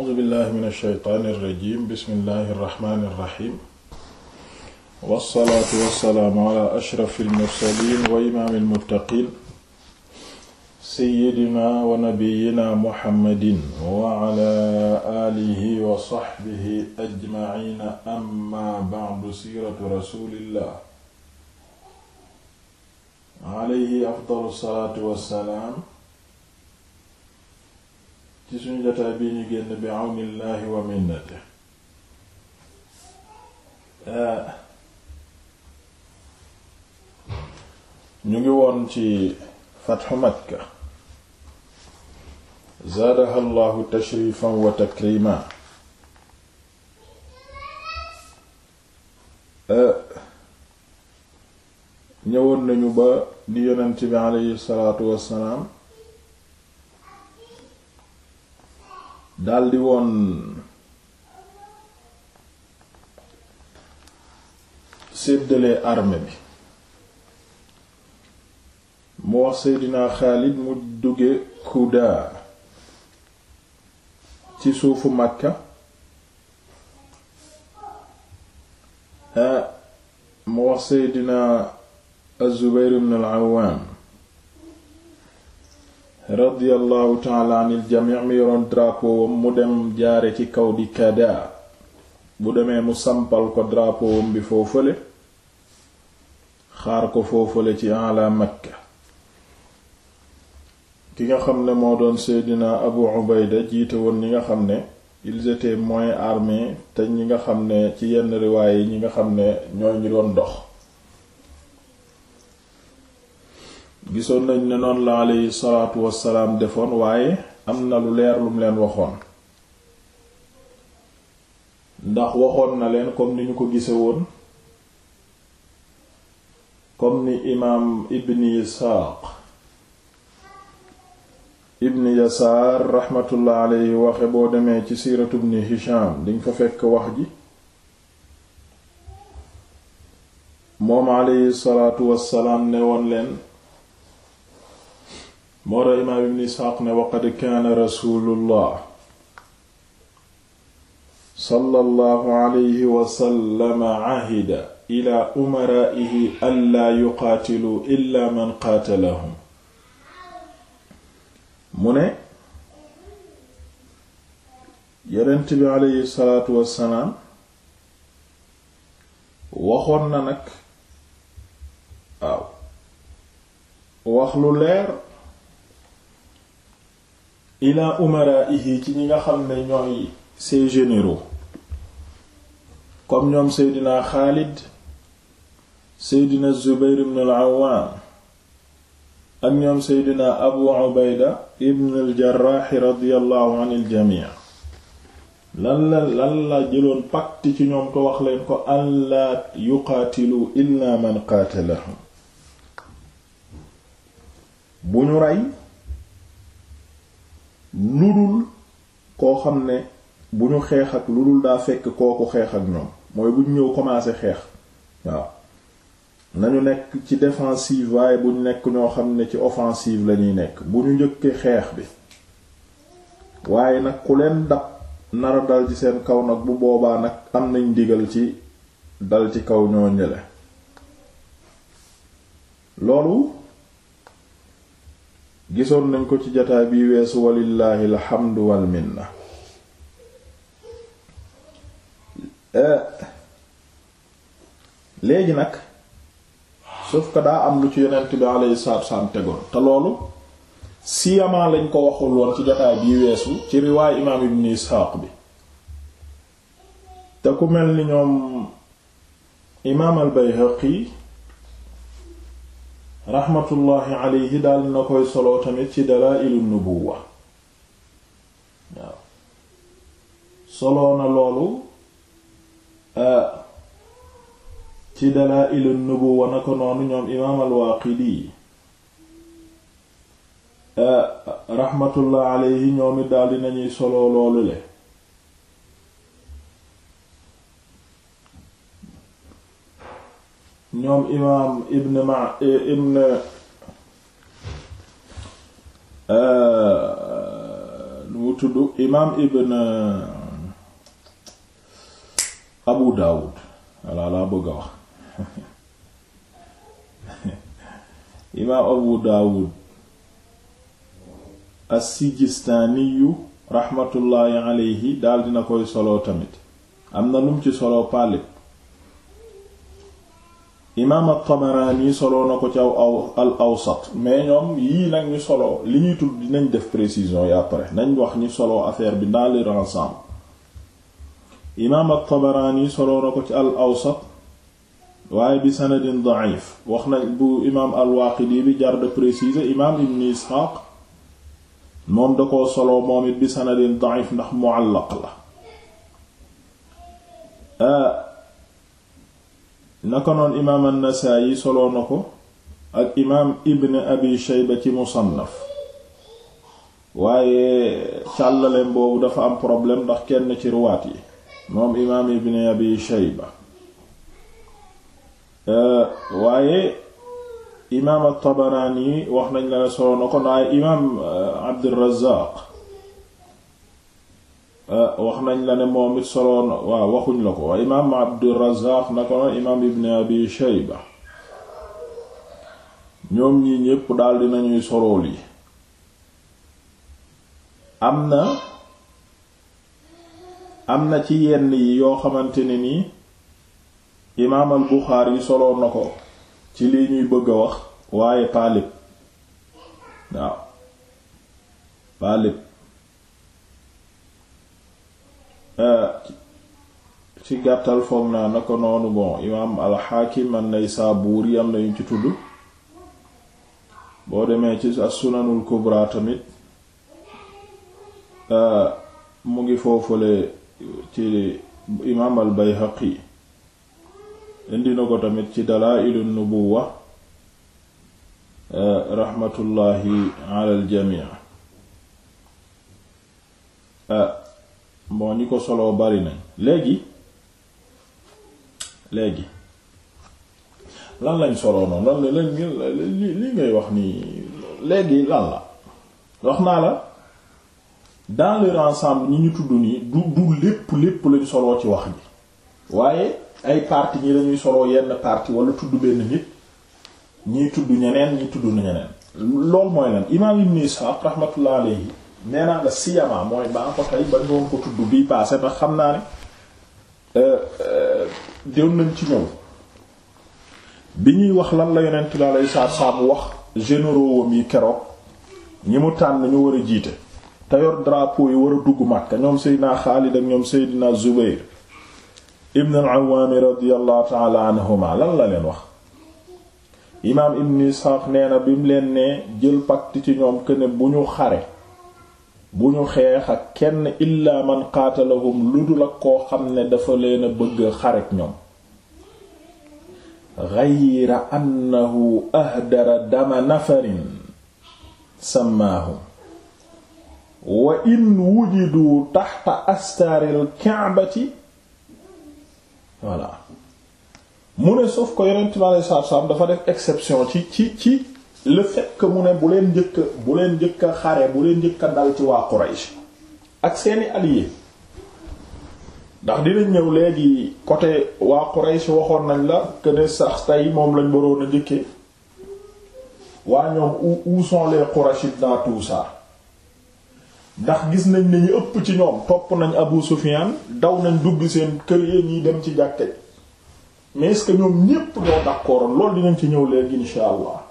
a'uuzu billahi mina shaytaani rajiim bismillahi rahmaani rahiim. wasalaatu wasalaamu ala ashrafil mursaliin wa imaamil muttaqiin. sayyidina wa nabiyyina muhammadin wa ala aalihi wa sahbihi ajma'iin amma ba'du siiratu rasuulillah alayhi afdalu salaatu wa salaam. ci suñu jotaay bii ñu génn bi àwnillaahi wa minnati eh, ñu ngi woon ci fatxu makka zaadaha llahu tashrifan wa takrima eh, ñëwoon nañu ba di yonent bi aleyhi salaatu wassalaam daldi woon séddalee armée bi mu wax Seydina Xaalid mu duggee Kudaa ci suufu Makka ah, mu wax seddina Az-Zubayr ibn radiyallahu taala anil jamii mi yoroon drapeau mu dem jaare ci kaw di kada bu demee mu sampal ko drapeau wam bi foofale xaar ko foofale ci ala makka ki nga xam ne moo doon seydina abu ubayda jiite woon ñi nga xam ne ils étaient moins armés te ñi nga xam ne ci yenn riwaay yi ñi nga xam ne ñooy ñi doon dox gisoon nañ ne noonu la aleyhi salaatu wassalaam defoon waaye am na lu leer lum leen waxoon ndax waxoon na leen comme ni ñu ko gisee woon comme ni imaam ibni isaaq ibni yasaar raxmatullah aleyhi waxe boo demee ci siiratu ibni hisham diñ fa fekk wax ji moom aleyhi salaatu wassalaam ne woon leen moo tax imaam ibn isxaaq ne waqad kaana rasulullah sallallahu alayhi wasallama ahida ila umaraa'ihi allaa yuqaatiluu illa man qaatalahum mu ne yonent bi aleyhi salaatu wassalaam waxoon na nag waaw wax lu leer ila umaraihi ci ñi nga xam ne ñooy ses généraux comme ñoom seydina Xaalid seydina Zubayr ibn al-Awwam ak ñoom seydina Abu Ubayda ibn al-Jarrah radiyallahu anil jami' lan la jëloon pacte ci ñoom ko wax leen ko an la yuqaatilu illa man qaatalahum bu ñu rey lu dul koo xam ne bu ñu xeex ak lu dul daa fekk kooku xeex ak ñoom mooy buñ ñëw commencé xeex waaw nañu nekk ci défensive waaye bu ñu nekk ñoo xam ne ci offensive lañuy nekk bu ñu njëkkee xeex bi waaye nag ku leen dab nara dal ci seen kaw nag bu boobaa nag am nañ digal ci dal ci kaw ñoo ñële loolu gisoon nañ ko ci jataay bi weesu walillaahi alxamdu wal minna eh, léegi nag sauf que daa am lu ci yeneent bi alayhi salaatu salaam tegoon te loolu siyamaa lañ ko waxul woon ci jataay bi weesu ci riwaay imaam ibn Isxaaq bi te ku mel ni ñoom imaam al Bayhaqi raxmatullahi alayhi daal na koy solo tamit ci dalaa'ilu nubuwa waaw solo na loolu ci dalaa'ilu nubuwa na ko noonu ñoom imaam al-Waaqidi raxmatullahi alayhi ñoom it daal dinañuy solo loolu le ñoom imaam ibn ma ibn euh, tudd imaam ibn euh, abu daawud walla laa bëgg a wax imaam abu daawud as raxmatullaahi alayhi daal dina koy solo tamit am na lum ci solo paalit imaam at-Tabarani soloo na ko ci aw aw al awsat mais ñoom yii nag ñu soloo li ñuy tudd dinañ def précision yi après nañ wax ñi soloo affaire bi dans leur ensemble imaam at-Tabarani soloo na ko ci al awsat waaye bi sanadin da'if wax na bu imaam al li bi jar de préciser imaam Ibn Isxaaq moom da koo soloo moom it bi sanadin da'if ndax mu'allaq la euh, naka noon imaam an-Nasaa'i soloo na ko ak imaam ibn abi shayba ci musannaf waaye càllaleen boobu dafa am problème ndax kenn ci ruwaat yi moom imaam ibn abi shayba euh, waaye imaam at-Tabaraani wax nañ la ne soloo na ko naaye imaam euh, Abdur Razzaaq Euh, wax nañ la ne moom it soloon waaw waxuñ la ko waaye imaam Abdurrazzaq na ko imaam Ibn Abi Shayba ñoom ñii ñépp daldi nañuy solool yi am na am na ci yenn yi yoo xamante ne nii imaam al Buxaari soloon na ko ci lii ñuy bëgg wax waaye paalib waaw paalib Euh, ci gàttal foog naa na ko noonu bon imaam alxaakim an-Naysaburi am na yu ci tudd boo demee ci as-Sunanul Kubra tamit euh, mu ngi foofule ci imaam al-Bayhaqi indi na ko tamit ci Dalaa'ilun Nubuwwa euh, rahmatullahi ala al-jamii moo ñi ko soloo bari nañ léegi léegi lan lañ soloo noonu lan la li li ngay wax nii léegi lan la wax naa la dans leur ensemble ñi ñu tudd nii du du lépp lépp lañ soloo ci wax ji waaye ay parti ñi lañuy soloo yenn parti wala tudd benn nit ñii tudd ñeneen ñu tudd na ñeneen loolu mooy lan imaam Ibn Ishaq rahmatullah alayhi nee naa mooy baa ko tey ba ñoon ko tudd bii passé tax xam naa ne euh, euh, déwn nañ ci ñëw bi ñuy wax lan la yonent bi alei saatu salaam wax généraux wam yi keroog ñi mu tànn ñu war a jiite te yor yi war a dugg Makka ñoom Seydina Xaalid ak ñoom Seydina Zubayr ibn al-Awwam radiyallahu ta'ala anhuma lan la leen wax imaam Ibn Ishaq nee bi mu leen ne jël pacte ci ñoom que bu ñu xare bu ñu xeex ak kenn illaa man qaatalahum lu dul ak koo xam ne dafa leen bëgg xaret ñoom ghayra annahu ahdara dama nafarin samaahum wa in wujidu taxta astaaril kaabati voilà mu ne sauf ko yonent mi alayhi dafa def exception ci ci ci le fait mu ne bu leen njëkk bu leen njëkk a xare bu leen njëkk dal ci waa Quraysh ak seeni alliés ndax dinañ ñëw léegi côté waa Quraysh waxoon nañ la que ne sax tey moom lañ waroon a njëkkee waa ñoom où où sont les Qurayshites ndax gis nañ ni ñu ëpp ci ñoom topp nañ Abu Sufyan daw nañ dugg seen kër yi ñuy dem ci jàkka mais ce que ñoom ñépp doo d'accordoon loolu dinañ ci ñëw léegi insha Allah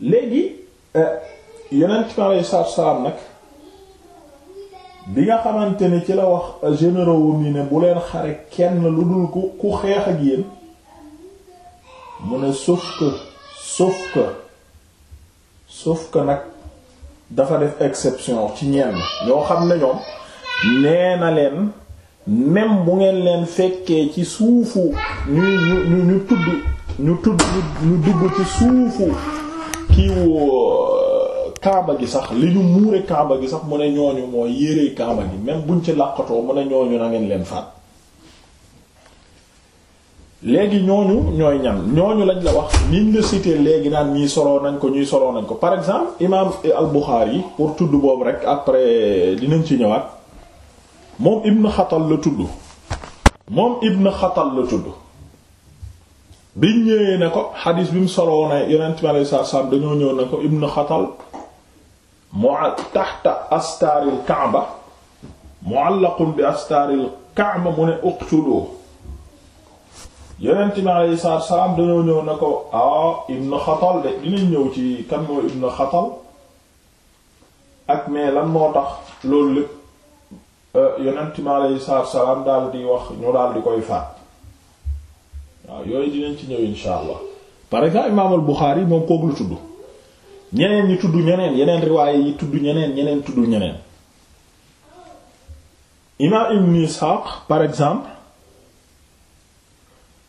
léegi euh, yonent bi aleyhi salaatu salaam nag bi nga xamante ne ci la wax généraux ni ne bu leen xare kenn lu dul ku ku xeex a yéen mu ne sauf ko sauf ko sauf que nag dafa def exception ci ñenn ñoo xam ne ñoom nee na leen même bu ngeen leen fekkee ci suufu ñu ñu ñu tudd ñu tudd ñu dugg ci suufu kiiwu euh, kaaba gi sax li ñu muure kaaba gi sax mu ne ñooñu moo yére kaaba gi même buñ ci làqatoo mu ne ñooñu na ngeen leen faat léegi ñooñu ñooy ñan ñooñu lañ la wax niñ la cité léegi naan ñii soloo nañ ko ñuy soloo nañ ko par exemple imam al yi pour tudd boobu rek après dinañ ci ñëwaat moom Ibn Xatal la tudd moom Ibn Xatal la tudd biñ ñëwee ne ko xadiis bi mu soloo na yonent mi alayhi salaatu salaam dañoo ñëw na ko ibnu xatal mual taxta astaaril kaaba muallaqun bi astaaril kaaba mu ne uqtuloo yonent mi alayhi salaatu dañoo ñëw na ko ah ibnu xatal de dinañ ñëw ci kan mooy ibnu xatal ak mais lan moo tax loolu lépp euh, yonent mi alayhi salaatu salaam daal di wax ñu daal di koy faat waaw yooyu dinañ ci ñëw insha allah par exemple imaamul Buxaari yi moom kook lu tudd ñeneen ñi tudd ñeneen yeneen riwaaye yi tudd ñeneen ñeneen tudd ñeneen imaam ibn Isxaaq par exemple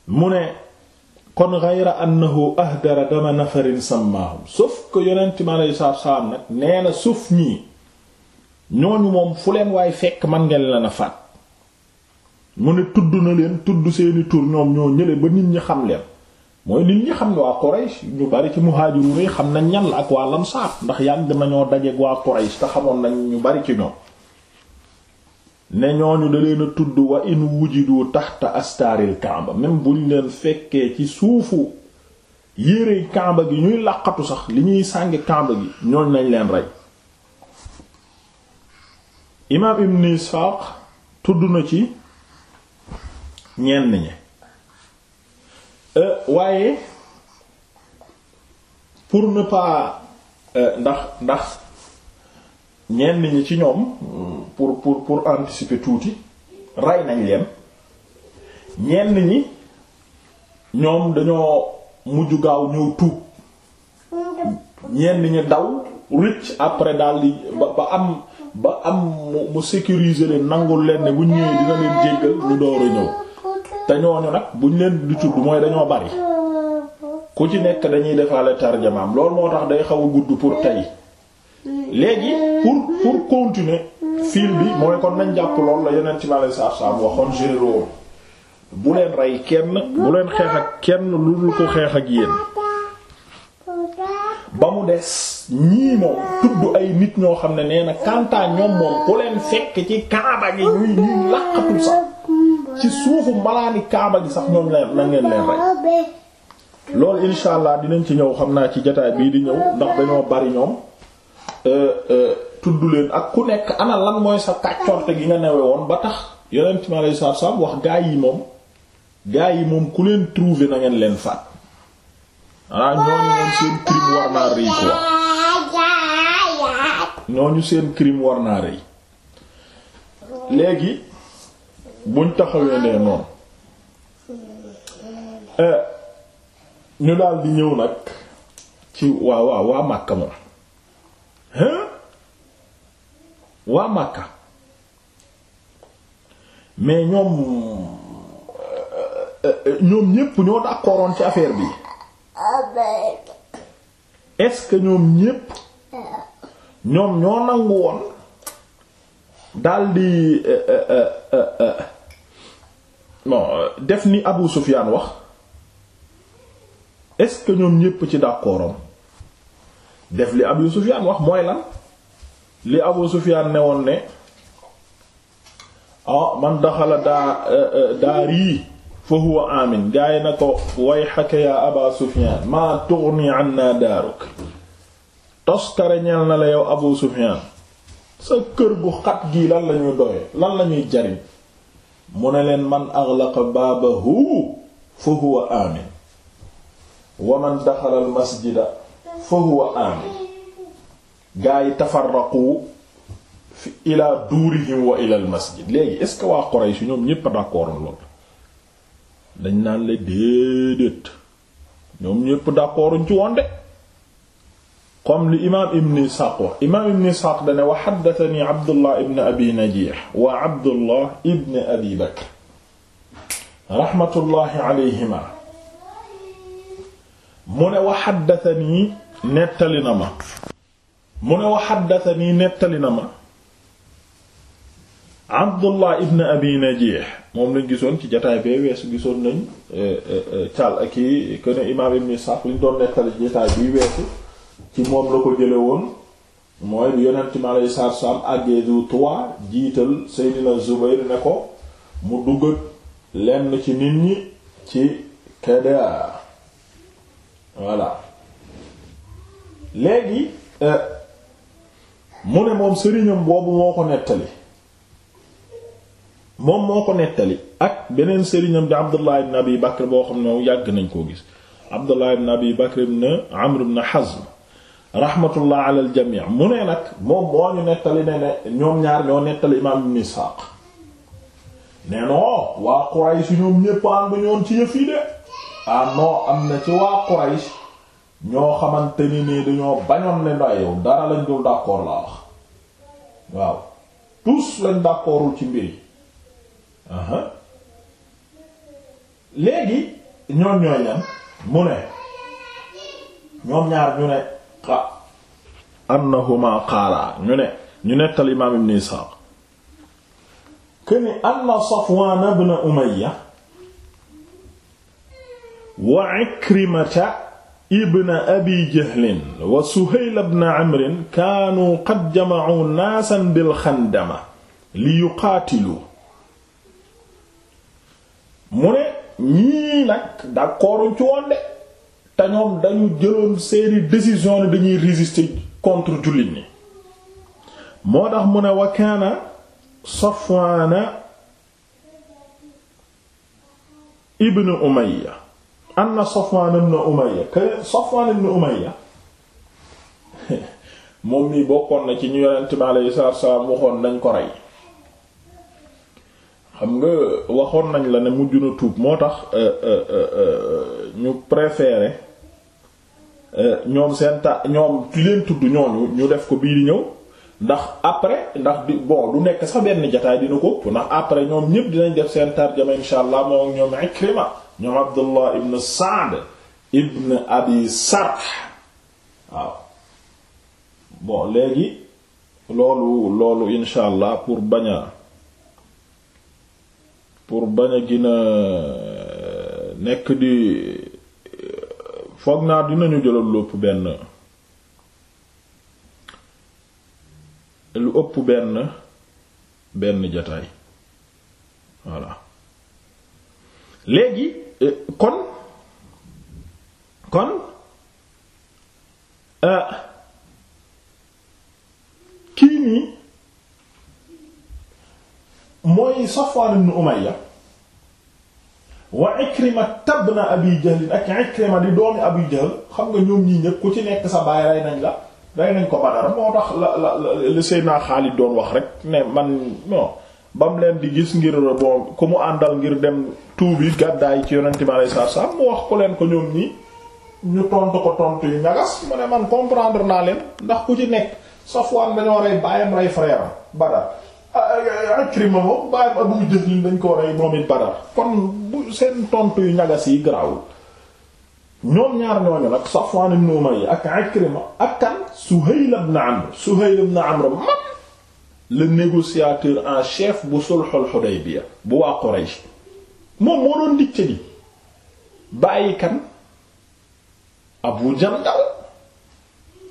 mu ne kon gayra annahu ahdara dama nafarin sàmmaahum sauf que yonent mi aleyhi salaatu salaam nag nee na suuf ñii ñooñu moom fu leen waay fekk man ngeen la na faat mu ne tudd na leen tudd seeni tur ñoom ñoo ñële ba nit ñi xam leen mooy nit ñi xam ne waa Quraysh ñu bari ci muhaajiruun yi xam na ñan ak waa Ansaar ndax yàgg nañoo dajeek waa Quraysh te xamoon nañ ñu bari ci ñoom ne ñooñu da leen tudd wa in wujidu taxta astaaril Kaaba même buñ leen fekkee ci suufu yérey kàmba gi ñuy làqatu sax li ñuy sànge Kaaba gi ñooñ nañ leen rey imaam Ibn Isxaaq tudd na ci ñenn ñi euh, waaye pour ne pas euh, ndax ndax ñenn ñi ci ñoom pour pour pour anticiper tuuti rey nañ leen ñenn ñi ñoom dañoo mujj gaaw ñëw tuub ñenn ñi daw rëcc après daal ba am ba am mu sécuriser leen nangul leen ne bu ñëwee dina leen jéggal ñu door a ñëw. te ñooñu nag buñ leen di tudd mooy dañoo bari ku ci nekk dañuy defaale tarjamaam lool moo tax day xaw a gudd pour tey léegi pour pour continuer fil bi mooy kon nañ jàpp lool la yeneen ci mala saabsaab waxoon généraux bu leen rey kenn bu leen xeex ak kenn lu dul ko xeex ak yéen. ba mu des ñii moom tudd ay nit ñoo xam ne nee na kantaa ñoom moom ku leen fekk ci kaaba gi ñuy ñuy laqatu sax. ci suufu malaani kaaba gi sax ñoom la la ngeen leen rey loolu insha allah dinañ ci ñëw xam naa ci jotaay bii di ñëw ndax dañoo bari ñoom euh, euh, tudd leen ak ku nekk ana lan mooy sa kàccorte gi nga newe woon ba tax yonent mi alayhi salaatu salaam wax gaa yi moom gaa yi moom ku leen trouver na ngeen leen faat ah ñooñu moom seen crime war naa seen crime war naa rëy léegi. buñ taxawee nee noonu eh, ñu daal ñëw nag ci waa waa waa mais ñoom eh, eh, ñoom ñépp ñoo d'accordoon ci affaire bi est-ce ñoom ñépp ñoom ñoo nangu woon daldi bon def ni Abu Sufyaan wax est-ce que ñoom ñépp ci d'accordam def li Abu Sufyaan wax mooy lan li Abu Sufyaan ne woon ne ah, man daxala daa euh, euh, daar yii fa huwa amin gaa yi na ko way xake yaa Aba Sufyaan maa tughni anna daaruk toskare ñeel na la yow Abu Sufyaan sa kër gu xat gii lan lañuy doye lan lañuy jariñ mu ne leen man aghlaqa baabahu fa huwa aamin wa man daxala al masjida fa huwa aamin gaa yi tafarraqu fi ila duurihim wa ila masjid léegi est-ce que waa Quraysh ñoom ñépp d'accord lool dañ naan la déedéet ñoom ñépp d'accorduñ ci woon de comme li imaam ibn Isxaaq wax imaam ibn Isxaaq dane wa haddathani Abdullah ibn Abi Najiih wa Abdullah ibn Abi Bakr rahmatullahi alayhima mu ne wa haddathani nettali na ma mu ne wa haddathani nettali na ma Abdullah ibn Abi Najiih moom lañ gisoon ci jataay bee weesu gisoon nañ caal eh, eh, eh, ak i que ne imaam ibn Isxaaq liñ doon nettali jataay bii weesu ci moom la ko jële woon mooy bi yonent mi aleyhi salaatu salaam àggee du trois jiital Seydina Zubayr ne ko mu dugg lenn ci nit ñi ci Kedaa voilà léegi euh, mu ne moom sëriñam boobu moo ko nettali moom moo ko nettali ak beneen sëriñam di Abdullah ibn Abi Bakr boo xam ne yàgg nañ koo gis Abdullah ibn Abi Bakr ibn Amr ibn Hazm rahmatullah ala al mu ne nag moom moo ñu nettali ne ne ñoom ñaar ñoo nettali imaam ibn Ishaq ne non waa Quraysh ñoom ñépp ànd ñoon ci yëf yi de ah non am na ci waa Quraysh ñoo xamante ni nii dañoo bañoon ne nda yow dara lañ dul d'accord laa wax waaw tous lañ d'accordul ci mbir yi léegi ñoom ñooy ñan mu ne ñoom ñaar ñu ne annahuma ñu ñu nettal imaam ibn Isaaq këni anna Safwaan ibn Umayya wa Ikrimata ibn Abi Jahlin wa Suhayl ibn Amrin kaanu qad jama'u naasan bil xandama li yuqaatilu mu ne ñii nag d'accorduñ ci woon te ñoom dañu jëloon seeni décision ne dañuy résister contre jullit ñi moo tax mu ne wa kaana Safwaana na Umayya anna Safwaan ibn Umayya ka Safwaan ibn Umayya moom mii bokkoon na ci ñu yonent bi alayhi salaatu salaam waxoon nañ ko rey xam nga waxoon nañ la ne mujj na tuub moo tax euh, euh, euh, ñu préféré ñoom seen ta ñoom ki leen tudd ñooñu ñu def ko bii ñëw ndax après ndax di bon du nekk sa benn jataay dina ko ëpp ndax après ñoom ñëpp dinañ def seen tarjama insha allah moom ñoom Ikrima ñoom Abdullah ibn Sa'd ibn Abi Sarh waaw bon léegi loolu loolu insha allah pour baña pour bañ a nekk di foog naa dinañu jëlal lu ëpp benn lu ëpp benn benn jataay voilà léegi euh, kon kon euh, kii nii mooy Safwan ibn Umayya wa Ikrima tabna Abi Jahl ak Ikrima di doomi Abi Jahl xam nga ñoom ñii ñëpp ku ci nekk sa baay rey nañ la rey nañ ko Badar moo tax la la li Seydina Xaalid doon wax rek ne man non ba leen di gis ngir bon ku mu àndal ngir dem tuubi gàddaay ci Yonent bi alayhi salaatu salaam mu wax ko leen ko ñoom ñii ñu tontu ko tontu yu ñagas mu ne man comprendre naa leen ndax ku ci nekk Safwaan dañoo rey baayam rey frère Badar Ikrima ah, ah, ah, moom bàyyam Abu Jahl dañ ko rey moom it Badar kon bu seen tontu yu ñagas yi garaawul ñoom ñaar ñooñu nag Safwan ibn Umayya ak Ikrima ak kan Suhayl ibn Amr Suhayl ibn Amr man le négociateur en chef bu sulhul Hudaybiya bu waa Quraysh moom moo doon dicc bi bàyyi kan Abu Jandal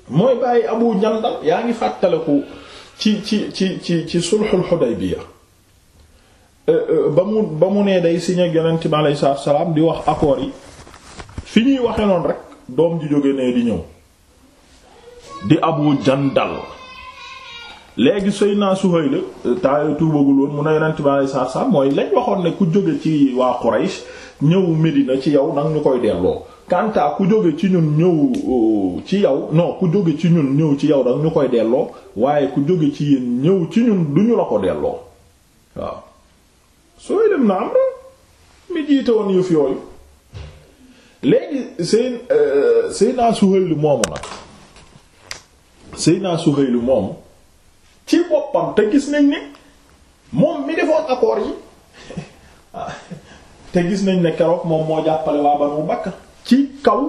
mooy bàyyi Abu Jandal yaa ngi fàttaliku ci ci ci ci ci bi Xudaybiya euh, euh, ba mu ba mu nee day signé yonent bi aleyhi salaam di wax accords yi fi ñuy waxee noonu rek doom ji jóge nee di ñëw di Abu Jandal léegi sëy naa Suhayl ta tuubagul woon mun ne yonent bi aleyhi salaam mooy lañ waxoon ne ku jóge ci waa Quraysh ñëw Medina ci yow nag ñu koy delloo kanta ku jóge ci ñun ñëw euh, ci yow non ku jóge ci ñun ñëw ci yow danga ñu koy delloo waaye ku jóge ci ñëw ci ñun duñu la ko delloo waaw sooy dem na am mi jiite woon yëf yooyu léegi seen euh, Seydina Suhayl moomu nag Seydina Suhayl gis nañ ne moom mi defoon yi ah, te gis nañ ne keroog moom moo jàppale waa Banu Bakr ci kaw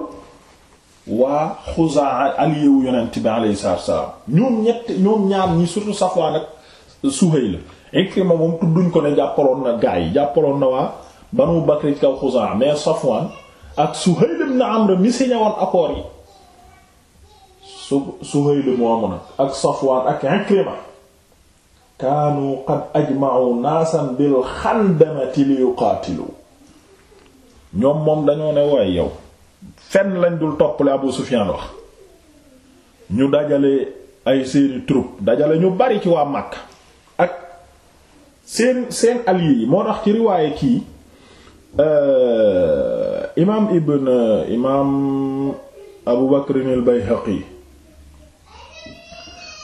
waa Xuzaa aliyewu yonent bi alayhi salaam ñoom ñett ñoom ñaar ñi surtout Safwaan ak Suhayl la Ikrima moom tudduñ ko ne jàppaloon na gaa yi jàppaloon na waa Banu Bakr ci kaw Xuzaa ak Suhayl ibn Amr mi su Suhayl moomu ak Safwaan ak Ikrima kaanu qad ajma'u naasan bil xandamati li yuqaatilu ñoom moom dañoo ne waaye yow fenn lañ dul toppale Abu Sufyan wax ñu dajale ay seeni troupe dajale ñu bari ci waa Makka ak seen seen alliés yi moo tax ci riwaaye kii euh, imaam ibn imaam Abu Bakr al-Bayhaqi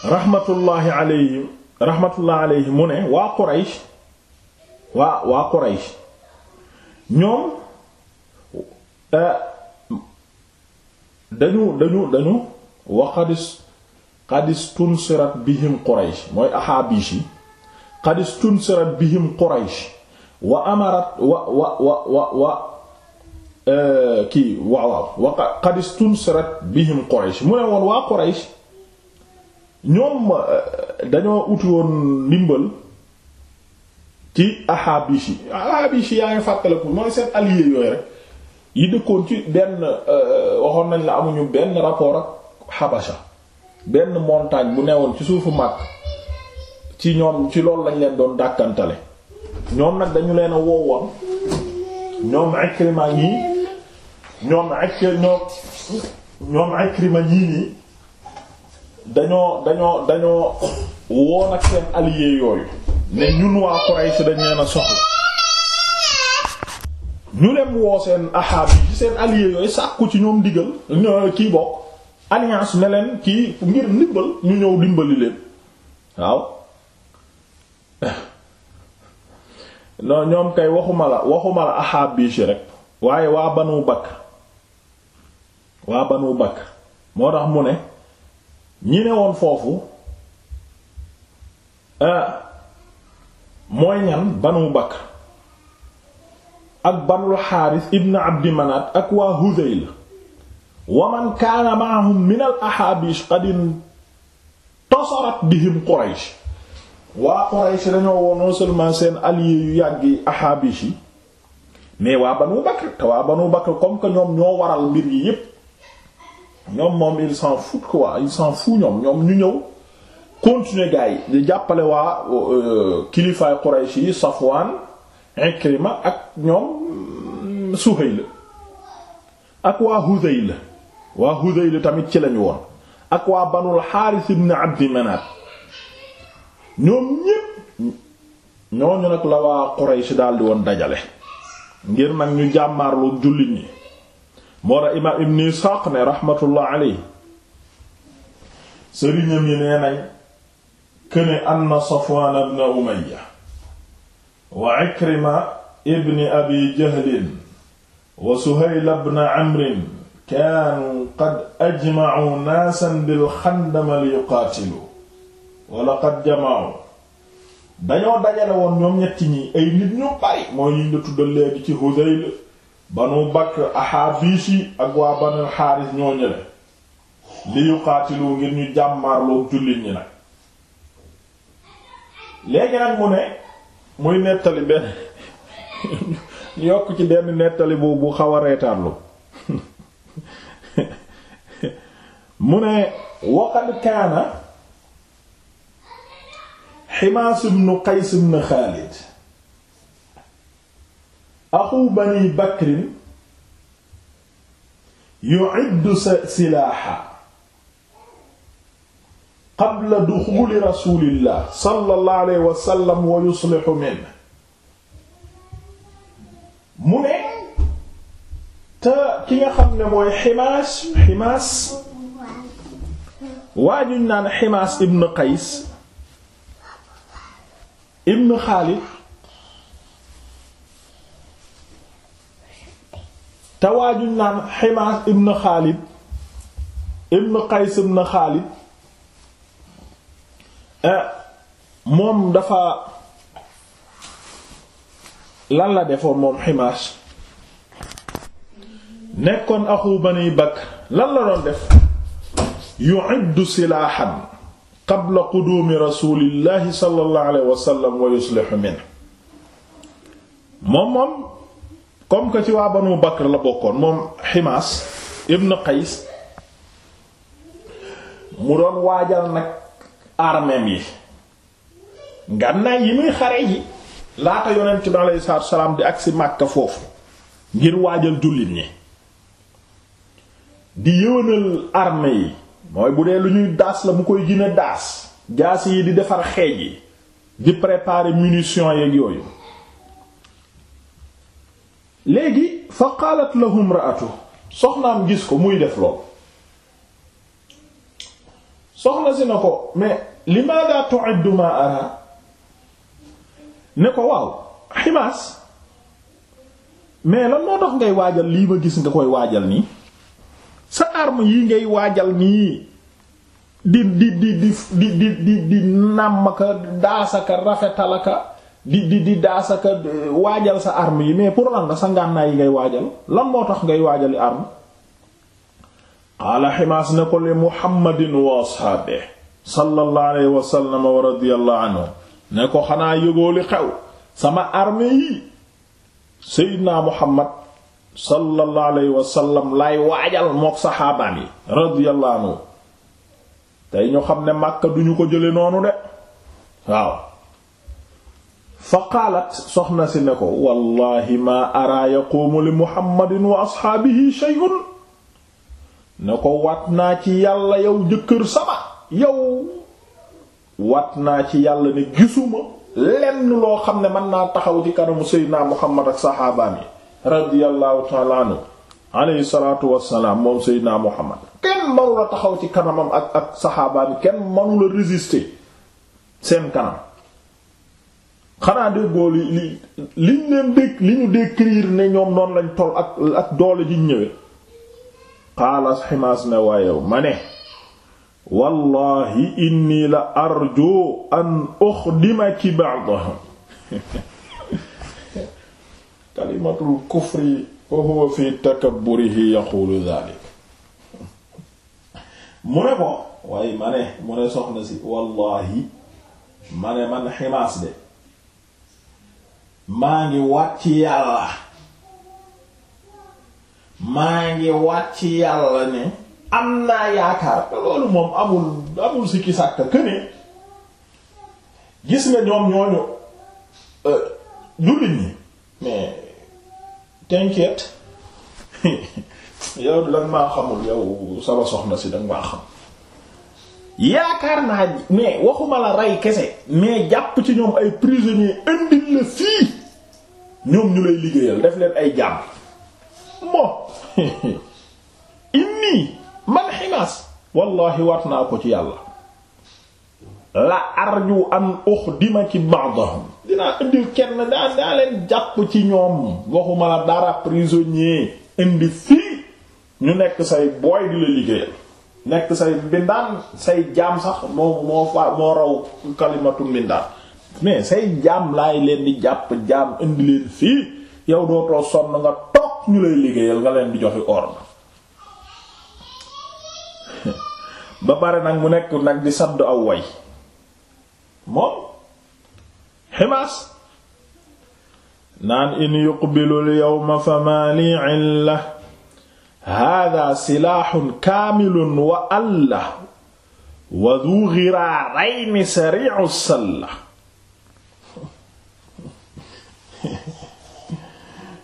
rahmatullahi alayhi rahmatullahi alayhi mu ne waa Quraysh waa waa Quraysh ñoom. Euh, dañu dañu dañu waxadis xadis tunsirat bihim quraysh mooy ahaabish yi xadis tunsirat bihim quraysh wa amarat wa wa wa wa wa e, kii waaw waaw wa xadis tunsirat bihim quraysh mu ne woon waa quraysh ñoom e, dañoo uti woon ndimbal ci ahaabish yi yaa ngi fàttaliku mooy seen allié yooyu rek yi dëkkoon ci benn euh, waxoon nañ la amuñu benn rapport ak xabasa benn montagne bu newoon ci suufu mag ci ñoom ci loolu lañ leen doon dàkkantale ñoom nag dañu leen a woowoon ñoom Ikrima ñii ñoom Ikrima ñoom ñoom Ikrima ñii dañoo dañoo dañoo woon ak seen alliés yooyu ne ñun waa Quraysh dañ leen a soxla ñu dem woo seen ahab yi sàkku ci ñoom digal ñoo kii bokk alliance ne kii ngir ndimbal ñu ñëw dimbali leen waaw non ñoom kay waxuma la waxuma la ahab bi ci rek waaye waa banu bakk waa banu bakk moo tax mu ne ñi ne woon foofu eh, mooy ñan banu bakk ak banul xaaris ibn abdi manaat ak waa hudayl wa man kaana maahum min al ahaabish qad intasarat bihim quraysh waa quraysh dañoo woon non seulement seen alliés yu yàggi ahaabish yi mais waa banu bakr te waa banu bakr comme que ñoom ñoo waral mbir yi yépp ñoom moom ils s'en foutent quoi ils s'en foutent ñoom ñoom ñu ñëw continuer gars yi di jàppale waa euh, kilifaay quraysh yi safwaan Ikrima ak ñoom mm, Suhayl ak waa Hudayl waa Hudayl tamit ci lañu woon ak waa Banul Haaris ibn Abdi Manaat ñoom ñépp ñooñu nag la waa Quraysh daldi woon dajale ngir nag ñu jàmmaarlu jullit ñi moo tax Ibn Isxaaq ne raxmatullah alayhi sëriñam yi nee nañ këne anna Safwaan ibn Umayya wa Ikrima ibn Abi Jahl wa Suhayl ibn Amr kaanu qad ajma'u naasan xandama li yuqaatilu wa laqad jama'u dañoo dajale woon ñoom ñetti ñi ay nit ñu bari mooy ñu la tuddal léegi ci Hudayl Banu Bakr Ahaabishi ak waa Banu Haaris ñoo ñële li yuqaatilu ngir ñu jàmmaarloo jullit ñi nag léegi nag mu ne muy nettali benn yokk ci benn nettali bu bu xaw a reetaarlu mu ne waqad kaana ximaas ibnu qays ibnu xaalid axu bani bakrin yu'iddu silaaxa qabla duxuli rasulillah sallallahu alayhi wa sallam wa yuslihu minhu mu ne te ki nga xam ne mooy ximaas ximaas waa juñ naan ximaas ibn qays ibn xaalid te waa juñ naan ximaas ibn xaalid ibn qays ibn xaalid Eh, moom dafa lan la defoon moom Himaas nekkoon axu Bani Bakr lan la doon def yu'iddu silaahan qabla quduumi rasuulillahi sallallahu alayhi wa sallam wa yuslihu min moom moom comme que ci waa Banu Bakr la bokkoon moom Himaas ibn Qays mu doon waajal nag armeem yi ngànnaay yi muy xare yi laata yonent bi aleyhi salaatu salaam di agsi Makka foofu ngir waajal jullit ñi di yëwënal armée yi mooy bu dee lu ñuy daas la bu koy gën daas jaas yi di defar xeej yi di préparer munitions yeeg yooyu léegi fa qaalat lahum ra'atu soxnaam gis ko muy def lool soxla si na ko mais limaada tu'iddu ma ara ne ko waaw ximaas mais lan moo tax ngay waajal lii ma gis nga koy waajal nii sa arme yi ngay waajal nii di di di di di di di di nàmm ka daasaka rafetalaka di di di daasaka waajal sa arme yi mais pour lan la sa ngànnaay yi ngay waajal lan moo tax ngay waajali arme qaala ximaas ne ko li muhammadin wa asxaabe sallallahu alayhi wasallam wa radiyallahu ne ko xanaa yëgoo li xew sama armée yi seydinaa muhammad sallallahu alayhi wasallam lay waajal mook saxaabaan radiyallahu anhu tey ñu xam ne màkka duñu ko jële noonu de waaw fa qaalat soxna si ne ko wallahi ma araa yaquumu li muhammadin wa asxaabihi shay'un ne ko wat naa ci yàlla yow jëkkër sama yow wat naa ci yàlla ne gisuma lenn loo xam ne mën naa taxaw ci kanamu seydinaa muhammad ak saxaabaam yi radiyallahu ta'ala anhu alayhi salaatu wassalaam moom seydinaa muhammad kenn manula taxaw ci kanamam ak ak saxaabaam yi kenn manula seen kanam xanaa déggoo li li li ñu décrire ne ñoom noonu lañ toll ak doole ji ñëwee xaala ximaas ne waayow ma ne wallahi inni la arju an uxdimaki ba'dahum kalimatul kufri wa huwa fi takabburihi yaqulu dhalik mu ne ko waaye ma ne mu ne soxna si wallahi ma ne man ximaas de maa ngi wàcc yàlla maa ngi waat ci yàlla ne am naa yaakaar loolu moom amul amul sikki sàkk këne gis nga ñoom ñooñu euh, jullit ñi mais t'inquiète yow lan xamul yow sama soxna si danga xam yaakaar naa mais waxuma la rey kese mais jàpp ci ñoom ay prisonnier indil la fii ñoom ñu lay liggéeyal def leen ay jàmm mo inni man ximaas wallahi waat naa ko ci yàlla la arju an uxdimaki ba'dahum dinaa indil kenn daa daa leen jàpp ci ñoom waxuma la dara prisonnier indi fii ñu nekk say booy di la liggéeyal nekk say mbindaan say jaam sax moo moo fa moo raw kalimatu mbindaan mais say jaam laay leen di jàpp jaam indi fii yow dootoo sonn nga ñu lay liggéeyal nga leen pare nag mu nekk nag di saddu aw way moom ximaas naan in yuqbilu lyowma fa maa la illa hada silaaxun wa alla wa du giraarayni sariicu salla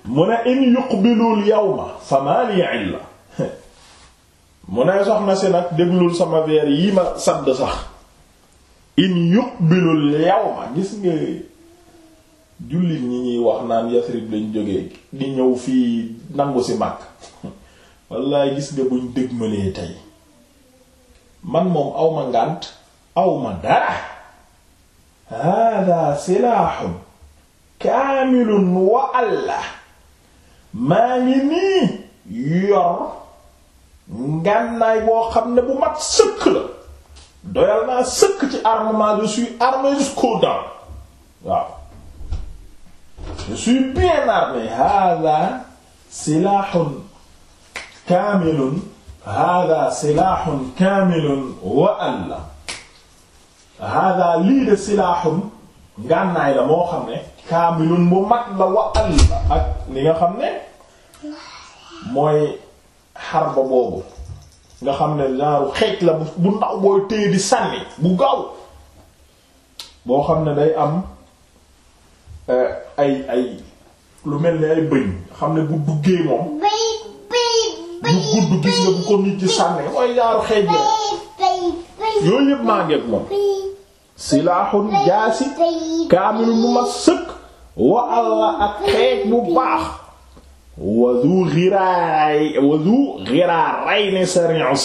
mu ne in yuqbilul yawma fa maa li illa mu ne soxna si nag déglul sama weer yi ma sadd sax in yuqbilul yawma gis nga jullit ñi ñuy wax naan Yasrib lañ jógee di ñëw fii nangu si màkk wallaay gis nga buñ dégmalee tey man moom awma ngànt awma dara hada silahun kaamilun wa maa ngi nii yor ngànnaay boo xam ne bu mat sëkk la doyal naa sëkk ci armement je suis armé jusqu'aux dents waaw je suis bien armé hada silahun kaamilun hada silahun kaamilun wa alla hada lii de silahun la moo ne kaamilun bu mat la wa al ak li nga xam ne mooy xarba boobu nga xam ne genre xeej la bu ndaw booy téye di sànni bu gaaw boo xam ne day am eh, ay ay lu mel ni ay bëñ xam ne bu duggee moom bu gudd gis nga bu ko nit ci sànni mooy genre xeej la yooyu yëpp maa ngeeg moom silaaxun jaasi kaamilun bu mat sëkk wa allah ak xeej bu baax wa du xiraay wa du xiraaray ne sari'u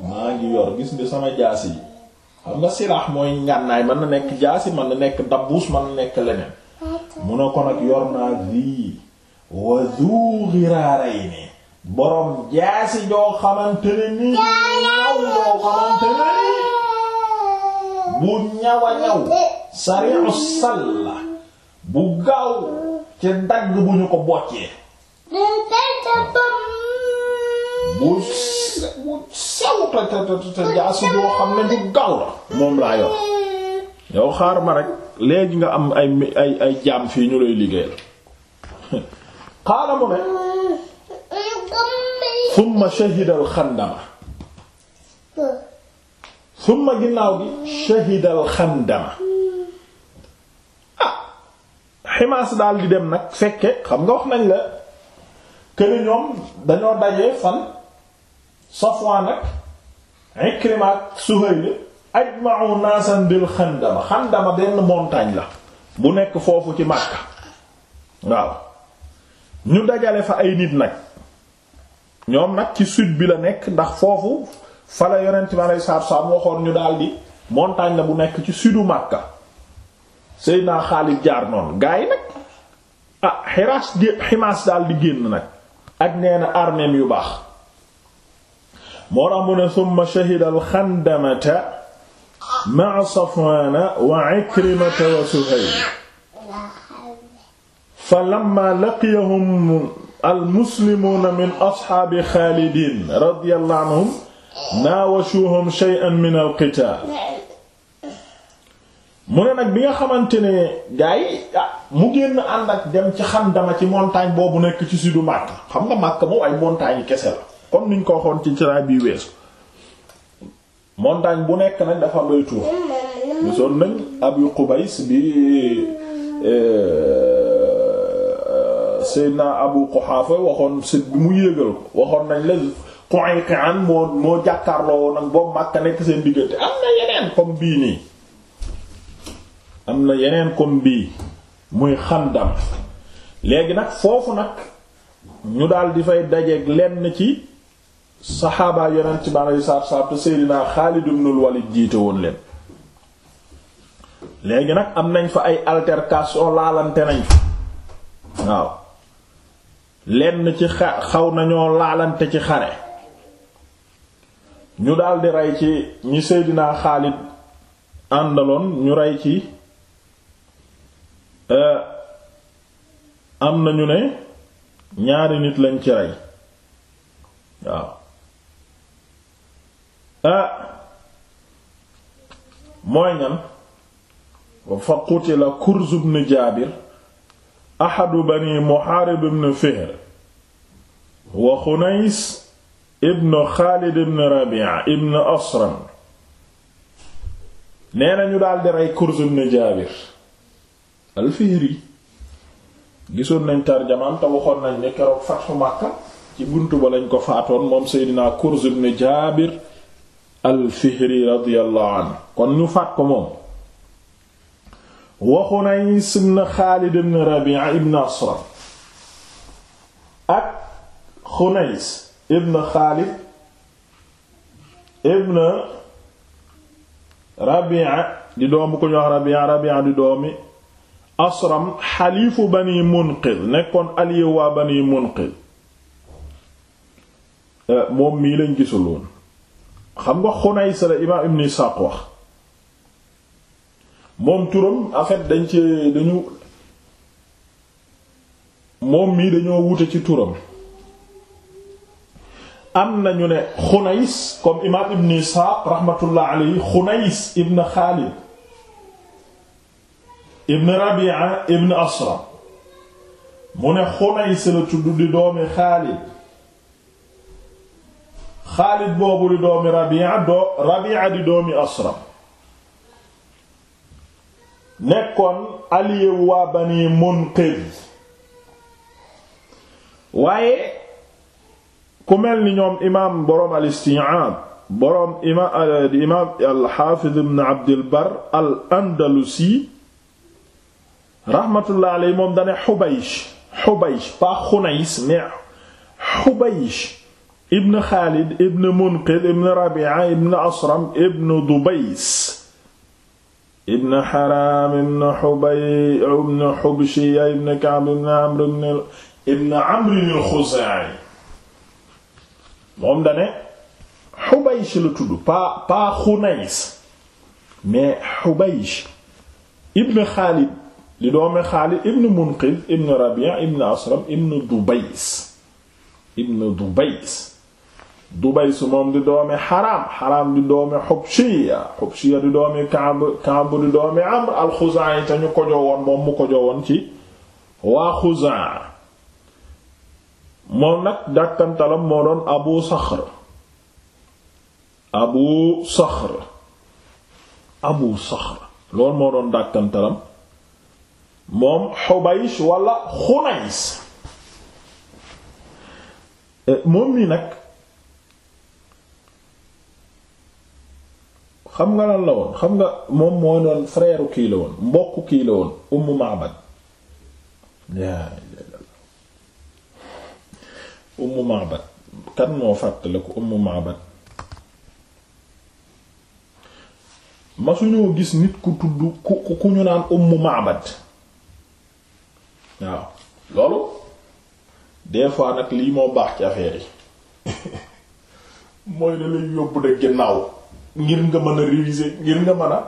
maa ngi yor gis nga sama jaasi yi xam nga silaax mooy ngànnaay mën na nekk jaasi mën na nekk dabbuus mën na nekk leneen mu ne ko nag yor naa lii wa du xiraaray borom jaasi joo xamante nii bu ñawa ñaw sariu salla bu gaaw ci dagg bu ñu ko boccee bu sew ta ta ta jaasi boo xam ne bu gaaw la moom laa yor yow xaar ma rek léegi nga am ay ay jaam fii ñu lay liggéey la xaala mu ne summa shahidal xandama summa ginnaaw gi shahidal xandama ximaas daal di dem nag fekke xam nga wax nañ la këri ñoom dañoo dajee fan Safwaan ak Ikrima ak Suhayl ajma'u naasan bil xandama xandama benn montagne la bu nekk foofu ci Makka waaw ñu dajale fa ay nit nag ñoom nag ci sud bi la nekk ndax foofu fa la yonent bi alayhi salaatu wa salaam waxoon ñu daal di montagne la bu nekk ci sudu Makka Seydina Xaalid jaar noonu gaa yi nag ah xiraas ximaas daal di génn nag ak nee na armeem yu baax moo tax mu ne summa shahida alxandamata ma'a Safwaana wa Ikrimata wa Suhayl fa lamma laqiyahum almuslimuuna min asxaabi Xaalidin radiyallahu anhum naawashuuhum shay'an min alqitaal mu ne nag bi nga xamante ne gars yi ah mu génn ànd ak dem ci dama ci montagne boobu nekk ci sudu Makka xam nga Makka moom ay montagne kese la comme niñ ko waxoon ci ciraay bii weesu bu nekk nag dafa am ay tuur gisoon nañ Abu bi eh, Seydina Abu Quhafa waxoon si bi mu yéegal ko waxoon nañ la Qu'ayqi'an moo moo jàkkaarloo woon ak boobu Makka nekk seen diggante am na yeneen comme bii nii am na yeneen kon bii muy xandam léegi nag foofu nag ñu daal di fay dajeeg lenn ci saxaabaa yonent bi aleyhi salaatu salaam te Seydina Xaalid ibnul Walid jiite woon leen léegi nag am nañ fa ay altercation laalante nañ fa waaw lenn ci xa xaw nañoo laalante ci xare ñu daldi rey ci ñi Seydina Xaalid àndaloon ñu rey ci Euh, am nañu ne ñaari nit lañ ci rey waaw ah mooy ñan fa qutila Kurz Jaabir ahadu bani Muhaarib ibn Fihr wa Xunays ibn Xaalid ibn Rabi'a ibn Asram nee na ñu daldi rey Kurz Jaabir alfiiri gisoon nañ tarjamaan te waxoon nañ ne keroog fatxu Makka ci buntu ba lañ ko faatoon moom seydinaa Kurz ibn Jaabir alfihri radiyallahu anhu kon ñu faat ko moom wa Xunays ibn Xaalid ibn Rabi'a ibn Asram ak Xunays ibn Xaalid ibn Rabi'a di doomu ku ñu wax Rabi'a Rabi'a di doomi asram xaliifu bani munqid nekkoon allié waa bani munqid eh, moom mii lañ gisuloon xam nga xunays la imaam ibn Isaaq wax moom turam en dañ ci dañu moom mii dañoo wute ci turam am nañu ne xunays comme imaam ibn Isaaq raxmatullah alayhi xunays ibn Xaalid ibn Rabi'a ibn Asram mu ne Xunays la tudd di doomi Xaalid Xaalid boobu di doomi Rabi'a doo di doomi Asram nekkoon aliyewu waa Bani Munqiz waaye ku mel ni ñoom imaam boroom al-Isti'ab boroom imaam al-Hafiz ibn Abd al-Barr al-Andalusi rahmatullah alayhi moom dane Hubaysh Hubaysh pas Xunays mais Hubaysh ibn Xaalid ibn Munqidh ibn Rabi'a ibn Asram ibn Dubays ibn Haram ibn Hubay ibn Hubshiya ibn Ka'b ibn Amr ibn Amr al-Khuzaa'i moom dane Hubaysh la tudd pas pas Xunays mais Hubaysh ibn Xaalid di doomi Xaalid ibn Munqid ibn Rabi' ibn Asram ibn Dubays ibn Dubays Dubays moom di doomi Haram Haram di doomi Hubshiya Hubshiya di doomi Ka'b Ka'b di doomi Amr al-Khuzaa'i te ñu kojoo woon moom mu kojoo woon ci waa Khuzaa moom nag dàkkantalam moo doon Abu Saxr Abu Saxr Abu moo doon dàkkantalam moom xubays wala xunays eh, moom mii nag xam nga lan la woon xam nga moom moo doon frère kii la woon mbokk kii la woon ummu Ma'bad ummu Ma'bad kan moo fàttale ko ummu Ma'bad ma suñoo gis nit ku tudd ku ku ñu naan ummu Ma'bad waaw loolu des fois nag lii moo baax ci affaire yi mooy da lay yóbbu de ginnaaw ngir nga mën a réviser ngir nga mën a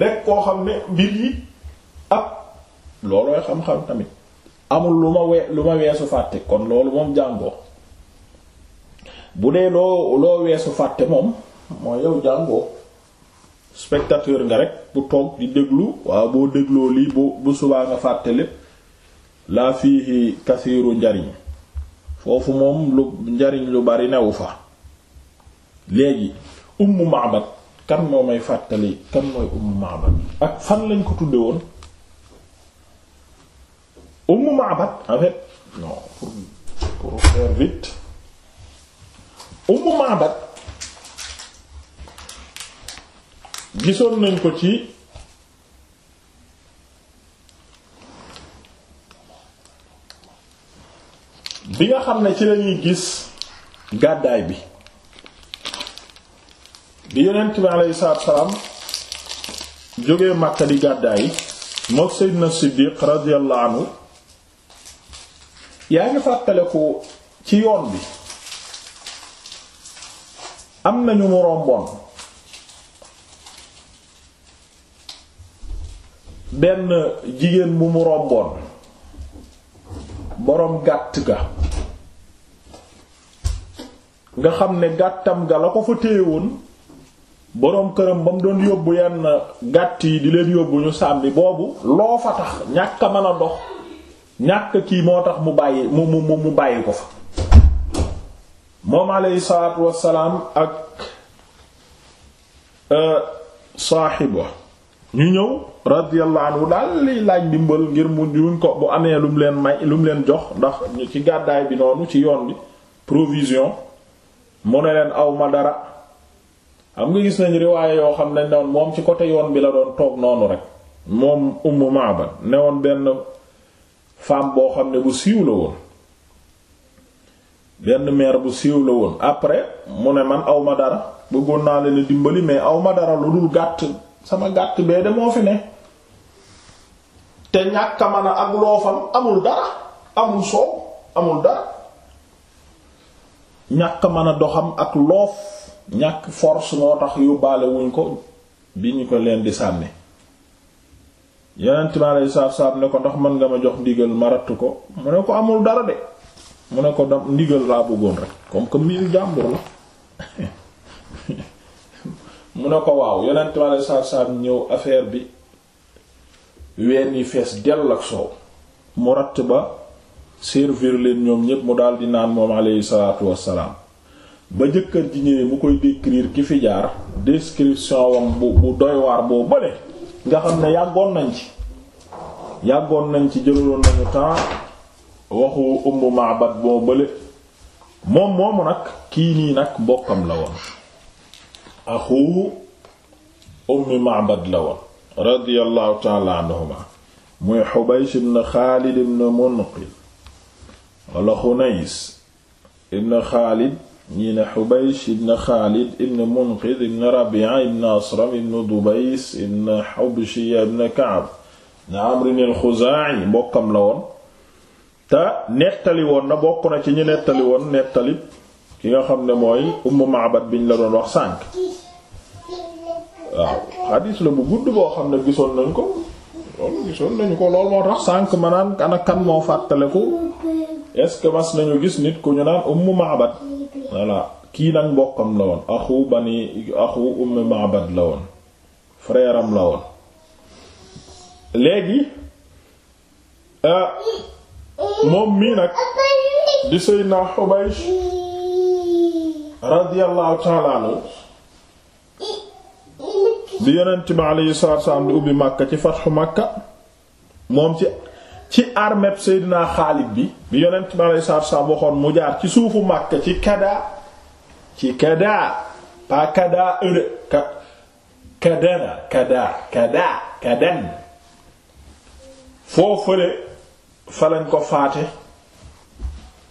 nekk koo xam ne mbir yi ab loolooy xam-xam tamit amul lu ma we lu ma weesu fàtte kon loolu moom jàngoo bu dee loo loo weesu fàtte moom moo yow jàngoo spectateur nga rek bu toog di déglu waaw boo dégloo lii bu bu subaa nga fàtte lépp laa fiihi kasiiru njariñ foofu moom lu njariñ lu bari newu fa léegi ummu Ma'bad kan moo may fàttali kan mooy ummu Ma'bad ak fan lañ ko tudde woon ummu Ma'bad en fait pour pour faire vite ummu gisoon nañ ko ci bi nga xam ne ci lañuy gis gàddaay bi bi yonent bi aleyhi salaatu di gàddaay mook na Siddiq radiyallahu anhu yaa ngi fàttaleku ci yoon bi am nañu mu romboon benn jigéen bu mu romboon boroom gàtt ga nga xam ne gàttam ga la ko fa téye woon boroom këram ba mu doon yóbbu yenn gàtt yi di leen yóbbu ñu sàmmi boobu loo fa tax ñàkk a a dox ñàkk kii moo tax mu bàyyi mu mu mu bàyyi ko fa moom aleyhi salaatu wassalaam ak euh, saaxiba ñu ñëw radiyallahu anhu daal liy laaj ndimbal ngir mu yuñ ko bu amee lu mu leen may lu mu leen jox ndax ci gàddaay bi noonu ci yoon bi provision mu ne leen aw ma dara xam nga gis nañ riwaaye yoo xam ne noonu moom ci côté yoon bi la doon toog noonu rek moom Ummu Ma'bad ne woon benn femme boo xam ne bu siiw la woon benn mère bu siiw la woon après mu ne man aw ma dara bëggoon naa leen dimbali mais aw ma dara lu dul gàtt sama gàtt bee de moo fi ne te ñàkk a ak loofam amul dara amul soow amul dara ñàkk mën a doxam ak loof ñàkk force moo tax yu yóbbaale wuñ ko bi ñu ko leen di sànni yeneen ma lay saab saab ne ko ndax mën nga ma jox ndigal ma ratt ko mu ne ko amul dara de mu ne ko da ndigal laa bëggoon rek comme que mil jàmbur la mu ne ko waaw yeneen ma lay saab saab ñëw affaire bi ween yi fees dell ak soow mu ratt ba servir leen ñoom ñépp mu daldi naan moom aleyhi salaatu wassalaam ba jëkkër ji ñëwee mu koy décrire ki fi jaar description wam bu bu doy boo bële nga xam ne yàggoon nañ ci yàggoon nañ ci jëlaloon nañu temps waxu Ummu Ma'bad boo bële moom moomu nag kii nii nag bokkam la woon axu Ummi Ma'bad la woon radiyallahu ta'ala anhuma muy Hubaysh ibn Khalid ibn Munqidh wala xunays ibn xaalid ñii ne xubaysh ibn xaalid ibn munqid ibn rabia ibn asram ibn dubays ibn xubshiya ibn kaab ibn amrin al-xuzaa'i la woon te nettali woon na bokk na ci ñu nettali woon nettali ki nga xam ne mooy ummu ma'bad biñ la doon wax sànq waaw xadiis la bu gudd boo xam ne gisoon nañ ko loolu gisoon nañu ko loolu moo tax sànq manaan ana kan moo fàttaleku est-ce que mas nañu gis nit ku ñu naan ummu Ma'bad voilà kii nag mbokkam la woon axu bani axu ummu Ma'bad la woon frère la woon léegi euh, moom mii nag di Seydina Hubaysh radiyallahu ta'ala bi alayhi salaatu wa salaam di ubbi Makka ci fathu Makka moom ci ci armeb Seydina Xaalid bi bi yonent bi aleyhi salaatu salaam waxoon mu jaar ci suufu Makka ci kada ci kada pas kada ëre ka kadana kada kada foo fële fa lañ ko faate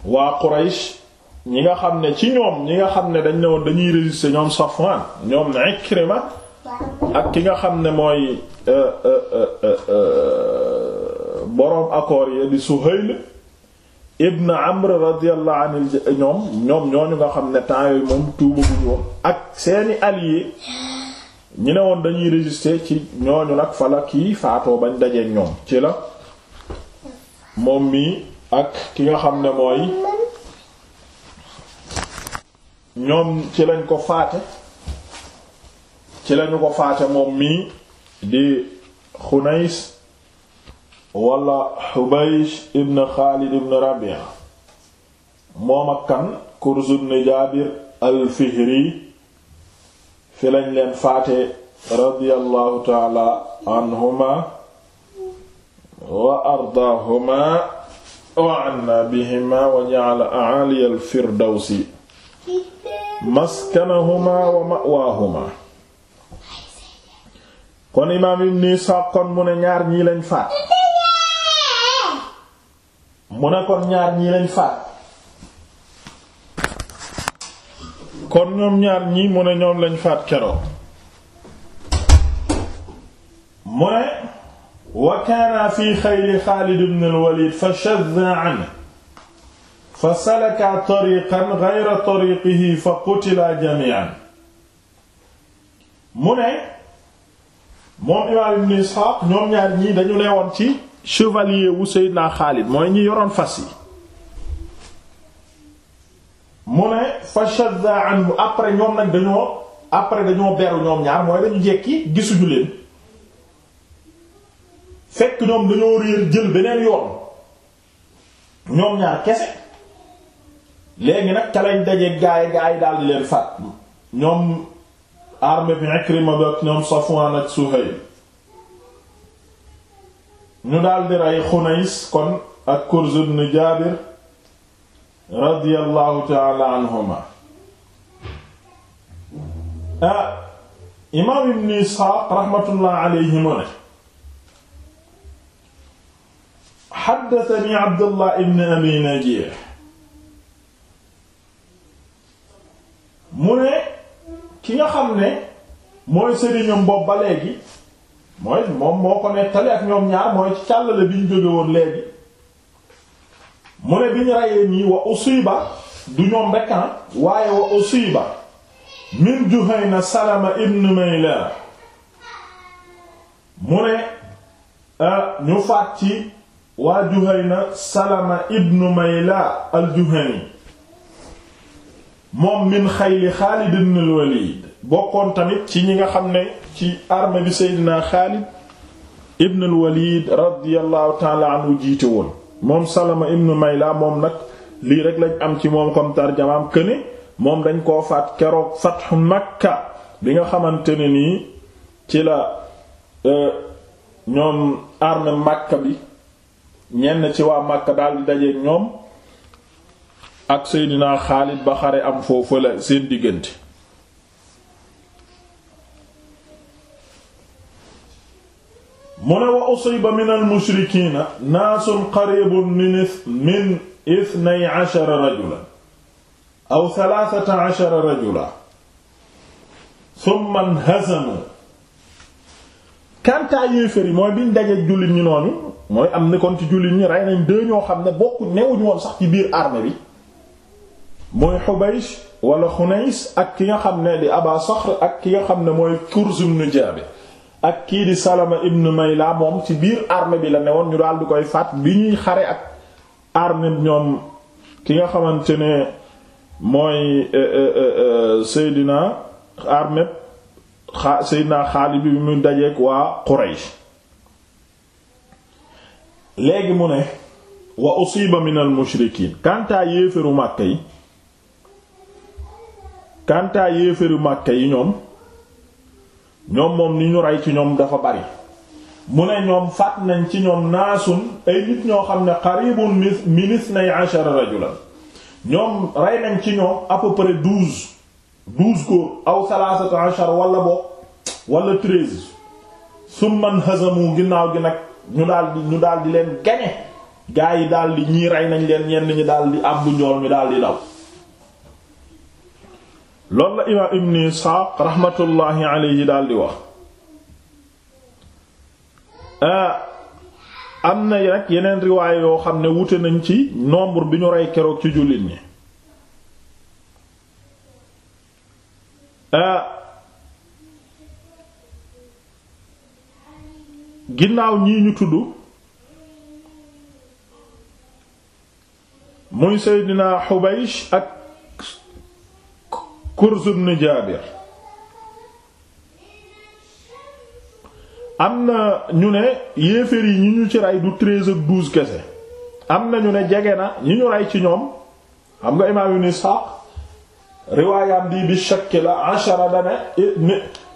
waa Quraysh ñi nga xam ne ci ñoom ñi nga xam ne dañ ne woon dañuy résister ñoom Safwan ñoom Ikrima ak ki nga xam ne mooy euh, euh, euh, boroom accord yi di Suhayl ibn Amr radiyallahu anhu ñoom ñoom ñooñu nga xam ne temps yooyu moom tuuba bu ak seeni alliés ñi ne dañuy résister ci ñooñu nag fala kii faatoo bañ dajeek ñoom ci la moom ak ki nga xam ne ñoom ci lañ ko faate ci lañu ko faate moom mii di Xunays wala Hubaysh ibn Xaalid ibn Rabia moom ak kan Kurz ibn al-Fihri fi lañ leen faate radiyallahu taala anhuma wa ardaahuma wa anna bihima wa ja'ala a'ali al-firdawsi maskanahuma wa ma'waahuma kon imaam ibn Isaaq kon mu ne ñaar ñii lañ faat mu ne ñaar ñii lañ faat kon ñoom ñaar ñoom lañ faat kero mu ne fi xayli Xaalid ibn al-Walid fa shadda anhu fa salaka tariqan ghayra tariqihi fa qutila jami'an mu ne moom imaam ñoom ñaar ñii dañu newoon ci chevalier wu Seydina Xaalid mooy ñi yoroon fas yi mu ne fa shadda anhu après ñoom nag dañoo après dañoo beru ñoom ñaar mooy dañu jekki gisuñu leen fekk ñoom dañoo réer jël beneen yoon ñoom ñaar kese léegi nag ca lañ daje gaay gaay daal di leen faat ñoom armée bi Ikrima ak ñoom Safwan ak Suhayl ñu daldi rey xunays kon ak kurz ibn jaabir radiyallahu taala anhuma ah imaam ibn isxaaq raxmatullah alayhi mu ne xaddatani abdullah ibn abi najiih mu ne ki nga xam ne mooy sëriñam bopp ba léegi mooy moom moo ko nettali ak ñoom ñaar mooy ci càllale bi ñu jóge woon léegi mu ne bi ñu reyee nii wa usiba du ñoom rek ah, waaye wa usiba min Juhayna Salama ibn Mayla mu ne ñu faat ci waa Juhayna Salama ibn Mayla al-Juhani moom min xayli Xaalid ibn al-Walid bokkoon tamit ci ñi nga xam ne ci armée bi Seydina Xaalid ibn al-Walid radiyallahu ta'ala anhu jiite woon moom Salama ibn Mayla moom nag lii rek lañ am ci moom comme tarjamaam këne moom dañ koo faat keroog fat fathu Makka bi nga xamante ne nii ci la euh, ñoom armée Makka bi ñenn ci waa Makka daal di dajeek ñoom ak Seydina Xaalid ba xare am foofu la seen diggante mu ne wa usiba min almushrikiina naasun qaribun min min ithnay ashara rajulan aw thalathata ashara rajulan thumma inhazamu kantaa yi mooy biñ dajeek jullit ñi mooy am ni kon ci ñi rey nañ deux ñoo xam ne bokku newuñ woon sax ci biir armée bi mooy Hubaysh wala Xunays ak ki nga xam ne di Aba Saxr ak ki nga xam ne mooy Kurz ibn Jaabir ak kii di Salama ibn Mayla moom ci biir armée bi la newoon ñu daal di koy faat bi ñuy xare ak armée ñoom ki nga xamante ne mooy euh, euh, euh, Seydina armée xa Seydina Xaalid bi mu dajeek waa Quraysh léegi mu ne wa usiba min al mushrikiin kantaa yéeféru Màkka yi kantaa yéeféru Màkka yi ñoom ñoom moom ni ñu rey ci ñoom dafa bari mu ne ñoom faat nañ ci ñoom naasun ay nit ñoo xam ne qaribun minis nay ashara rajulan ñoom rey nañ ci ñoom à peu près douze douze góor aw salaasatu ashar wala bo wala treize summan hazamu ginnaaw gi nag ñu daal di ñu daal di leen gañe gaa yi daal di ñii rey nañ leen ñenn ñi daal di abbu njool mi daal di daw loolu la imaam ibn isxaaq raxmatullaahi alayhi daal di wax ah, am na rek yeneen riwaay yoo xam ne wute nañ ci nombre bi ñu rey keroog ci jullit ñi ah, ginnaaw ñii ñu tudd muy seydina xubaysh ak Kurz ibn Jaabir am na ñu ne yéeféer yi ñi ñu ci rey du kese am na ñu ne jege na ñi ñu rey ci ñoom xam nga imaam ibn Isxaaq riwaayam bi bi shakki la ashara dana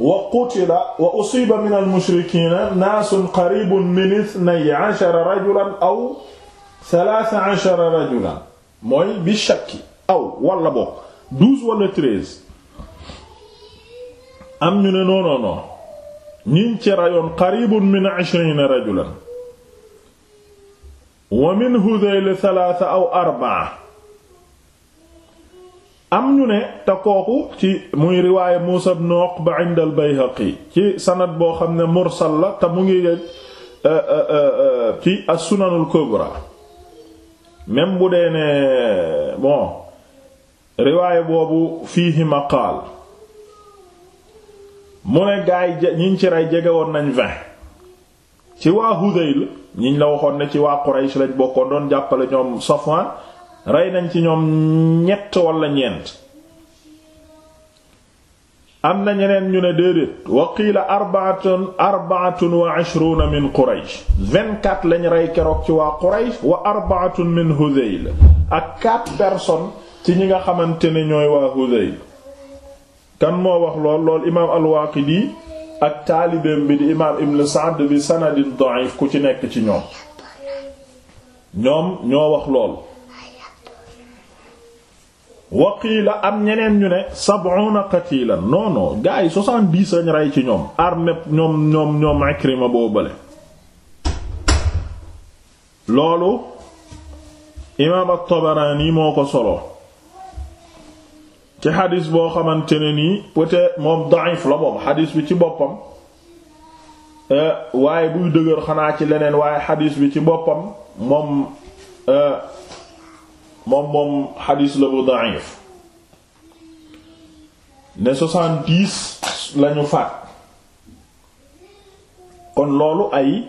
wa qutila wa usiba min al mushrikiina naasun qariibun min ithnay rajulan aw rajulan mooy bi shakki aw walla bokk douze am ñu ne non non non ñiñ ci rayoon qaribun min ishrina rajulan wa min Hudayl thalatha aw arba'a am ñu ne te ci muy riwaaya Muusa ibn Uqba inda al-Bayhaqi ci sanad boo xam ne mursal la te mu ngi eh, eh, eh, ci as-Sunanul Kubra même bu dee ne bon riwaaya boobu fii maqaal mu ne gaay ñiñ ci rey jegewoon nañ vingt ci waa Hudayl ñiñ la waxoon ne ci waa Quraysh lañ bokkoon doon jàppale ñoom Safwan rey nañ ci ñoom ñett wala ñeent am na ñeneen ñu ne déedéet wa qiila arbaatun arbaatun min Quraysh lañ rey keroog ci waa Quraysh wa min Hudayl ak quatre personnes ci ñi nga xamante ne ñooy waa Hudayl kan moo wax lool lool imaam al-Waaqidi ak taalibeem bi di imaam Ibn Sa'd bi sanadin da'if ku ci nekk ci ñoom ñoom ñoo wax lool waqiila am ñeneen ñu ne sab'una qatilan non non gars yi rey ci ñoom armée ñoom ñoom ñoom Ikrima boobale loolu imaam at-Tabarani moo ko solo ci xadis boo xamante ne nii peut moom da'if la moom xadis bi ci boppam euh, waaye buy dëgër xanaa ci leneen waaye xadis bi ci boppam moom euh, moom moom xadis la bu da'if ne soixante-dix lañu faat kon loolu ay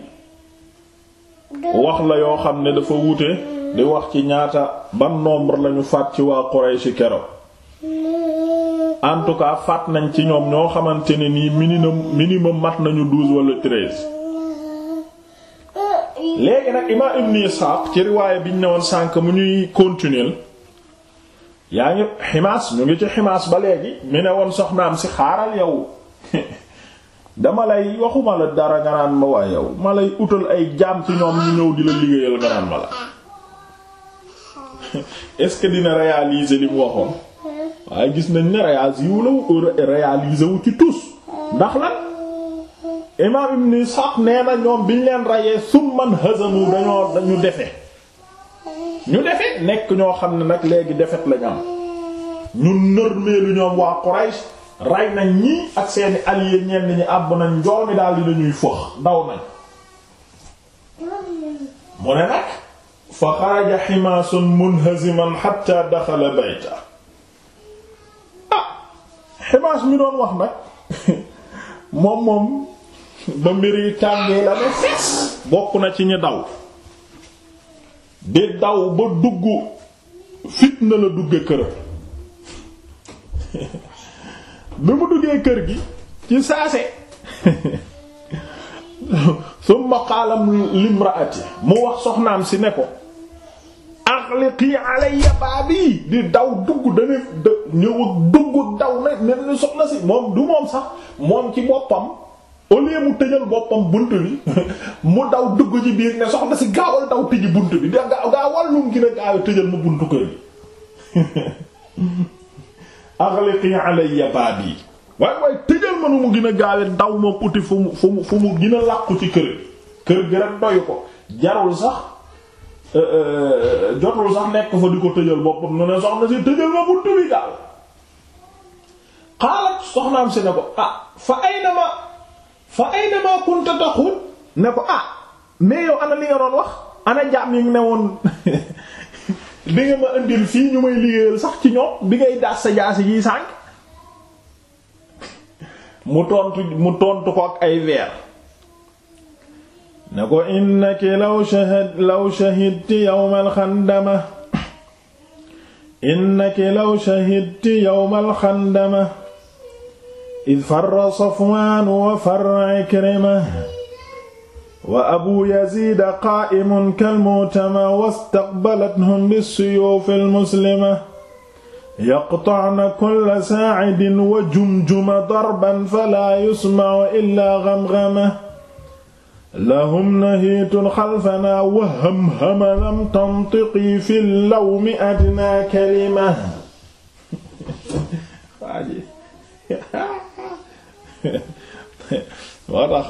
wax la yoo xam ne dafa wuute di wax ci ñaata ban nombre lañu faat ci waa Quraysh keroog en tout cas faat nañ ci ñoom ñoo xamante ne nii minimum minimum mat nañu douze wala treize. léegi nag imaam ibn Isxaaq ci riwaaya biñ ne woon sànk mu ñuy continuer yaa ngi ximaas ñu ngi ci ximaas ba léegi mi ne woon soxnaam si xaaral yow dama lay waxuma la dara nga naan ma waa yow ma lay utal ay jaam ci ñoom ñu ñëw di la liggéeyal nga naan ma la est-ce que dina réaliser li mu waxoon. waaye gis nañ ne réaliser wu la euh, réaliser wu ci tous ndax lan imaam Ibn Ishaq nee na ñoom biñ leen rayee summan hazamu dañoo dañu defe ñu defe nekk ñoo xam ne nag léegi defet lañu am ñu nërmeelu ñoom waa Quraysh ray nañ ñi ak seeni alliés ñenn ñi àbb nañ njool mi daal di lañuy fëx daw nañ mu ne nag fa xaraja ximaasun munhaziman hatta daxala bayta ximaas mi doon wax nag moom moom ba mbiri tàngee la ne fees bokk na ci ñi daw di daw ba dugg fitna la dugge këram bi mu duggee kër gi ci saase summa qaalam limraati mu wax soxnaam si ne ko axliqi alayya baabi di daw dugg dane da ñëw ak dugg daw na nen ni soxna si moom du moom sax moom ci boppam au lieu mu tëjal boppam bunt bi mu daw dugg ci biir ne soxna si gaawal daw tëji bunt bi da gaawal lu mu gën a tëjal ma buntu kër bi axliqi alayya baabi waaye waaye tëjal ma nu mu gën a gaawe daw ma uti fu mu fu mu fu mu ci kër kër gi rek doyu ko jarul sax Euh, euh, euh, jotul sax nekk fa di ko tëjal boppam nu ne soxna si tëjal ma buntu bi gaaw xaalat soxnaam si ne ko ah fa ay na ma fa ay na ma kunta taxut ne ko ah mais yow ana li nga doon wax ana njaam yi ne woon di nga ma indil fii ñu may liggéeyal sax ci ñoom bi ngay daas sa jaasi yi sànq mu tontu mu tontu ko ak ay weer ne ko innaki law shahid law shahidti yawmal xandama innaki law shahidti yawmal xandama id farra safwaan wa farra ikrima wa abu yazid qaa'imun kalmuutama wastaqbalathum bissuyuufi almuslima yaqta'na kulla saa'idin wa jumjuma darban falaa yusma'u illaa ghamghama lahum nahiitun xalfanaa wa hamhama lam tantiqi fi lawmi adnaa kalima waaji moo tax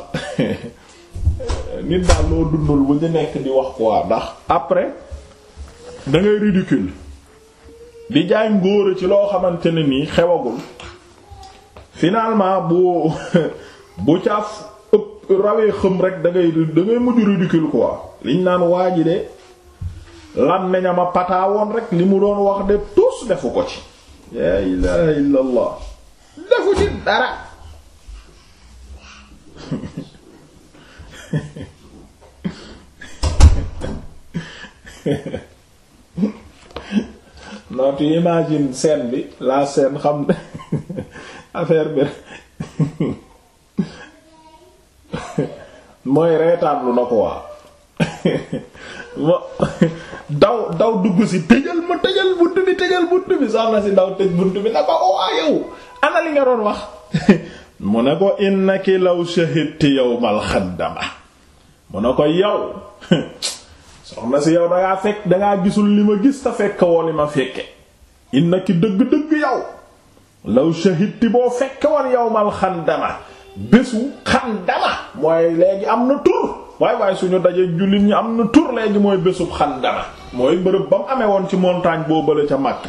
nit daal loo dundul bu ñu nekk di wax quoi ndax après da ngay di jaay ngóora ci loo xamante ne nii xewagul finalement bu bu caaf. rawee xëm rek da ngay da ngay mujj ridicule quoi liñ naan waa ji de lan nañ ma pataawoon rek li mu doon wax de tous defu ko ci. yaa ilaha illallah defu ci dara non tu imagines bi la scène xam affaire bi. mooy reetaan lu na ko waa ma daw daw dugg si tëjal ma tëjal bunt bi tëjal bunt bi soxna si daw tëj bunt bi na ko oh, waa yow ana li nga doon wax mu ne ko innaki law shahidti yawmal xaddama mu ne ko yow soxna si yow dangaa fekk dangaa gisul li ma gis ta fekk woo li ma fekke innaki dëgg-dëgg yow law shahidti boo fekke woon yawmal xaddama bésu xandama mooy léegi am na tur waaye waaye suñu dajee jullit ñi am na tur léegi mooy bésub xandama mooy bërëb ba mu amee woon ci montagne boo bële ca Makka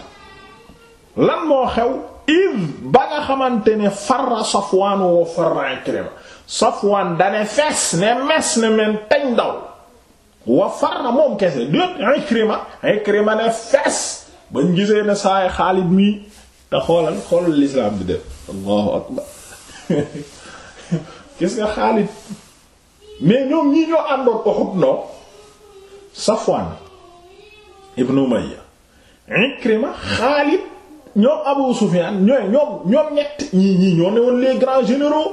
lan moo xew id ba nga xamante ne farra Safwaan far farra Ikrima Safwaan dane fees ne mes ne men teñ daw wa farra moom kese déet Ikrima Ikrima ne fees bañ gisee ne saay Xaalid mii te xoolal xoolal lislaam bi def Allahu akbar gis nga Xaalid mais ñoom ñii ñoo àndoon Uhud noo Safwan ibn Umayya Ikrima Xaalid ñoom Abu Sufyaan ñooy ñoom ñoom ñett ñii ñoo ne woon les grands généraux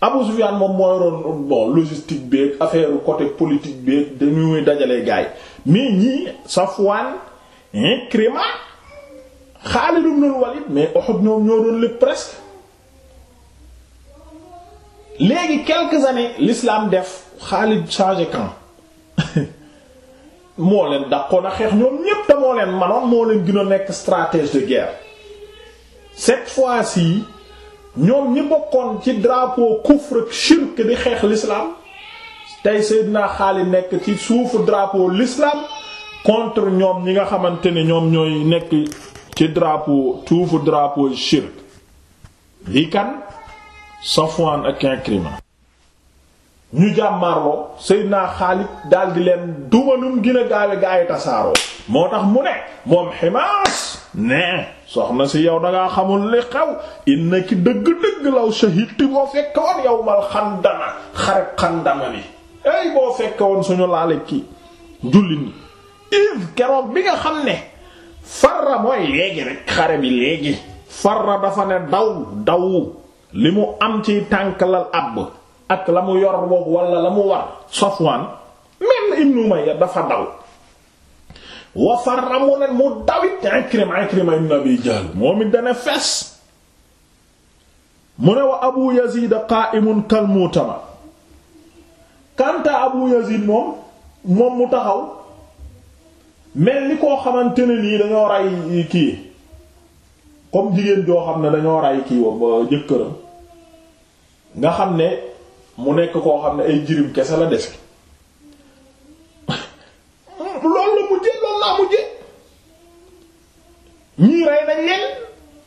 Abu Sufyaan moom moo yoroon bon logistique beeg affaire côté politique beeg dañuy dajale gaay mais ñii Safwan Ikrima Xaalid ibn Walid mais Uhud ñoom ñoo doon lépp presque léegi quelques années l'islam def Khalid changé camp moo leen dàqoon a xeex ñoom ñépp te moo leen manoon moo leen gën nekk stratége de guerre cette fois si ñoom ñi bokkoon ci drapeau kufr ak shirk di xeex l'islam tey Seydina Khalid nekk ci suufu drapeau l'islam contre ñoom ñi nga xamante ne ñoom ñooy nekk ci drapeau suufu drapeau shirk lii kan Safwan ñu jàmmarloo sëy Xaalid daal daldi leen duma num gën a gaawe gaa tasaaroo moo tax mu ne moom Himaas ne soxna si yow dangaa xamul li xew inna ki dëgg-dëgg law shahidti boo fekke woon yawmal Xandama xareb Xandama bi ay boo fekke woon suñu laale ki julli ni ive keroog bi nga xam ne farra mooy léegi rek xare bi léegi farra dafa ne daw daw li mu am ci tànk la àbb ak la mu yor boog wala la mu war Safwan même Ibn Umayya dafa daw wa farra mu ne mu dawit Ikrima Ikrima ibn Abi Jahl moom it dana fees mu ne wa Abu Yazid qa'imun kal mutama kanta Abu Yazid moom moom mu taxaw mel ni koo xamante ne nii dañoo rey kii comme jigéen joo xam ne dañoo rey kii wa ba jëkkëram nga xam ne mu nekk koo xam ne ay jirim kese la dese loolu la mujje loolu laa mujje ñii rey nañ leen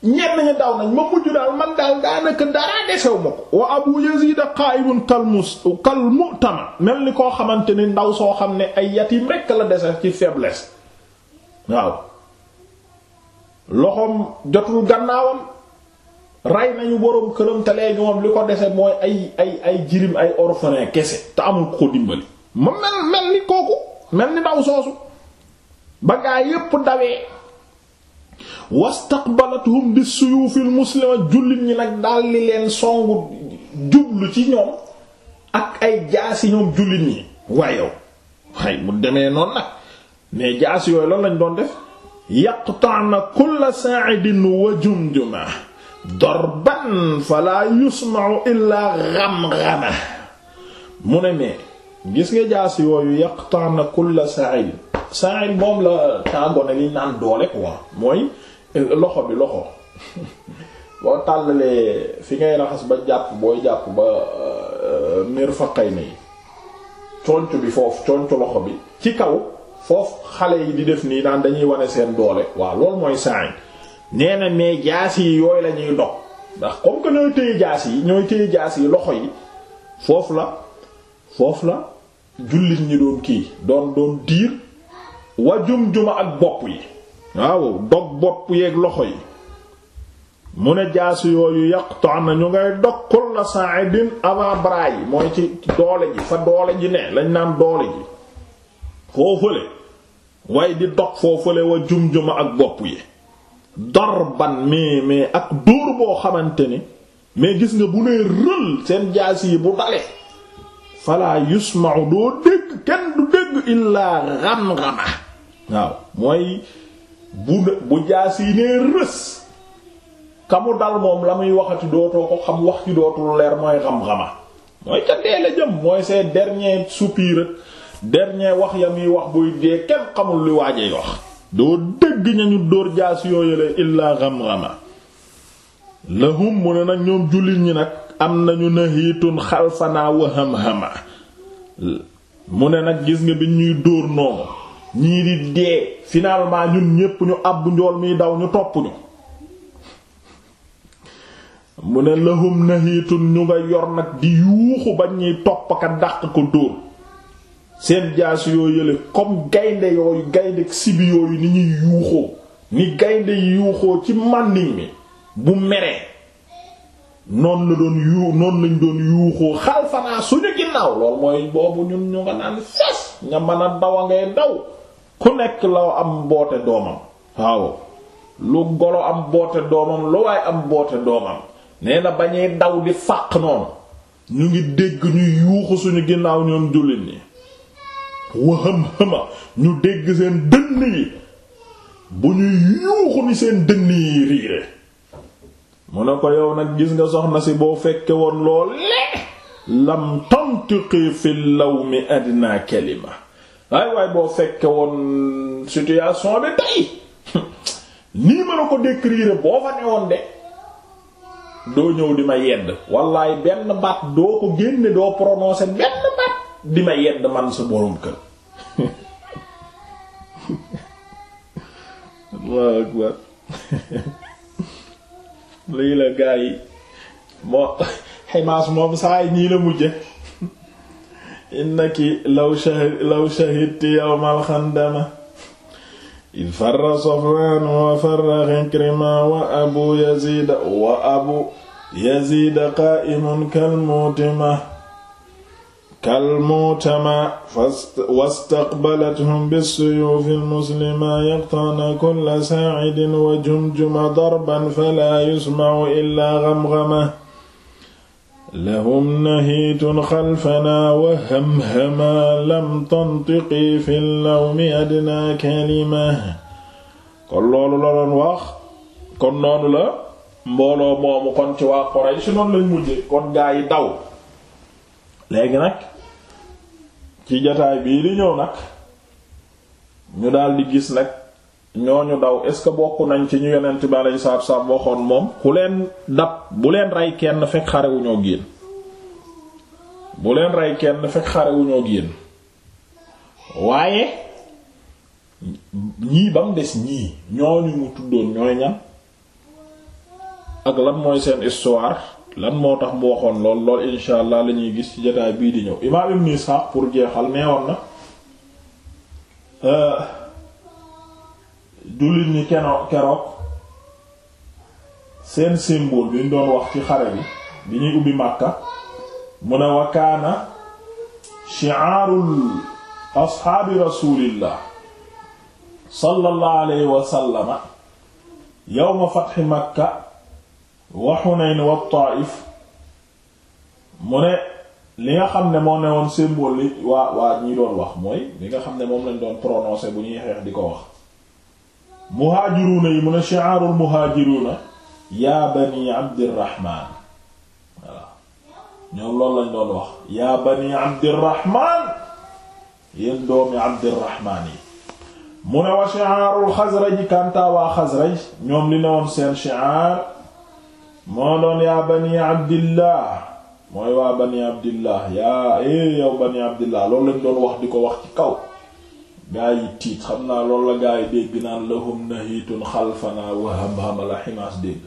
ñenn ñi daw nañ ma mujj daal man daal daanaka dara desew ko wa abu yazid qa'imun kal mus kal mu'tama mel ni koo xamante ni ndaw soo xam ne ay yatim rekk la dese ci faiblesse waaw loxoom jotul gannaawam rey nañu boroom këram te léegi moom li ko dese mooy ay ay ay jirim ay orphelin kese te amul ko dimbali ma mel mel ni kooku mel ni ndaw soosu ba gaa yépp dawee wastaqbalathum bis suyufil ñi nag daldi leen songu jublu ci ñoom ak ay jaasi ñoom jullit ñi waaye waaye mu demee noonu nag mais jaasi yooyu lan lañ doon def yaqta'na kulla sa'idin wa jumjuma dorban fala yusma'u illaa ghamghama mu ne mais gis nga jaas yooyu yaqta'na kulla sa'il sa'il moom la tàngoone liñ naan doole quoi mooy loxo bi loxo boo tàllalee fi ngay raxas ba jàpp booy jàpp ba euh, mirfaqayni conc bi foofu conc loxo bi ci kaw foofu xale yi di def nii naan dañuy wane seen doole waaw loolu mooy sa'il nee na mais jaas yi yooyu la ñuy dog ndax comme que ñooy téye jaas yi ñooy téye jaas yi loxo yi foofu la foofu la jullit ñi doon kii doon doon diir wa jum-juma ak bopp yi waaw dog bopp yeeg loxo yi mu ne jaas yooyu yaqta'na ñu ngay dog kulla sa'idin avant bras yi mooy ci doole ji fa doole ji ne lañ naan doole ji foofale way di dog foofale wa jum-juma ak bopp yi dorban mais mais ak dóor boo xamante ni mais gis nga bu nee rël seen jaas yi bu dale fala yusma'u doo dégg kenn du dégg illaa xam-xama waaw mooy bu bu jaas yi nee rës kamu dal moom la muy waxati dootoo ko xam wax ci dootul leer mooy xam-xama mooy ca dee la jëm mooy ses derniers dernier wax ya muy wax buy dee kenn xamul lu waaje wax doo dégg ñañu dóor jaas yooyale illaa xam-xama lahum mu ne nag ñoom jullit ñi nag am nañu nahiitun xalfanaa wa xam-xama mu ne nag gis nga bi ñuy dóor noonu ñii di dee finalement ñun ñépp ñu àbb njool miy daw ñu topp ñu mu ne lahum nahiitun ñu nga yor nag di yuuxu ba ñuy topp ka dàq ko dóor seen jaas yoo yële comme gaynde yooyu gaynde sibi yooyu ni ñuy yuuxoo ni gaynde yi yuuxoo ci màndiŋ mi bu meree noon la doon yuu noonu lañ doon yuuxoo xalfanaa suñu ginnaaw loolu mooy boobu ñun ñu nga naan sas nga mën a daw a ngay daw ku nekk la am boote doomam waaw lu golo am boote doomam lu waaye am boote doomam nee na bañee daw di fàq noonu ñu ngi dégg ñu yuuxu suñu ginnaaw ñoom jullit ñi waxam xama ñu dégg seen dënn yi bu ñuy yuuxu ni seen dënn yi riire mu ne ko yow nag gis nga soxna si boo fekkee woon lool lam tantiqi fi lawmi adna kalima waaye waaye boo fekkee woon situation bi tey nii ma la ko décrire boo fa newoon de doo ñëw di ma yedd wallaay benn baat doo ko génne doo prononcer benn baat di ma yedd man sa borom kër Allahu akbar lii la gaa moo ximaas moom saa yi la mujje innaki law shahidti yawmal xandama il farra Safwaan wa farra Ikrima wa abu yazida wa abu yazida qaa'imun kal kalmuutama wastaqbalathum bissuyuufi almuslima yaqta'na kulla saa'idin wa jumjuma darban falaa yusma'u illaa ghamghama lahum nahiitun xalfanaa wa hamhama lam tantiqi fi llawmi adnaa kalima kon loolu la doon wax kon noonu la mbooloo moomu kon ci waa Quraysh noonu lañ mujje kon gaa yi daw léegi nag ci jataay bii li ñëw nag ñu daldi gis nag ñu daw est ce que bokk nañ ci ñu yonent bi aleyhi salaatu salaam waxoon moom ku leen dab bu leen rey kenn fekk xare wu ñoo génn kenn fekk xare ñoo génn waaye ñii ba mu des ñii ñooñu mu tuddoon ñooy ñan ak lan mooy seen histoire. lan moo tax mu waxoon lool lool insha allah gis ci jotaay bii di ñëw imaam ibn pour jeexal neewoon na euh, jullit ñi keno keroog seen symbole bi ñu doon wax ci xare bi bi ñuy ubbi Makka mu ne wa kaana shi'aarul asxaabi rasulillah sallallahu alayhi wa sallama yawma Makka wa Hunayn wa Taif mu ne li nga xam ne moo ne woon symbole li waa waa ñi doon wax mooy li nga xam ne moom lañ doon prononcer bu ñuy xeex di ko wax muhaajiruuna yi mu ne shi'aarul muhaajiruuna yaa bani abdirahman voilà ñoom loolu lañ doon wax yaa bani abdirahman yéen doomi abdirahman yi mu ne wa shi'aarul xasraj kantaa waa xasraj ñoom li ne woon seen shi'aar moo doon yaa bani abdillah mooy waa bani abdillah yaa eh yow bani abdillah loolu lañ doon wax di ko wax ci kaw gaa yi tiit xam naa loolu la gaa yi dégg naan lahum nahitun xalfanaa wa hamhama la ximaas dégg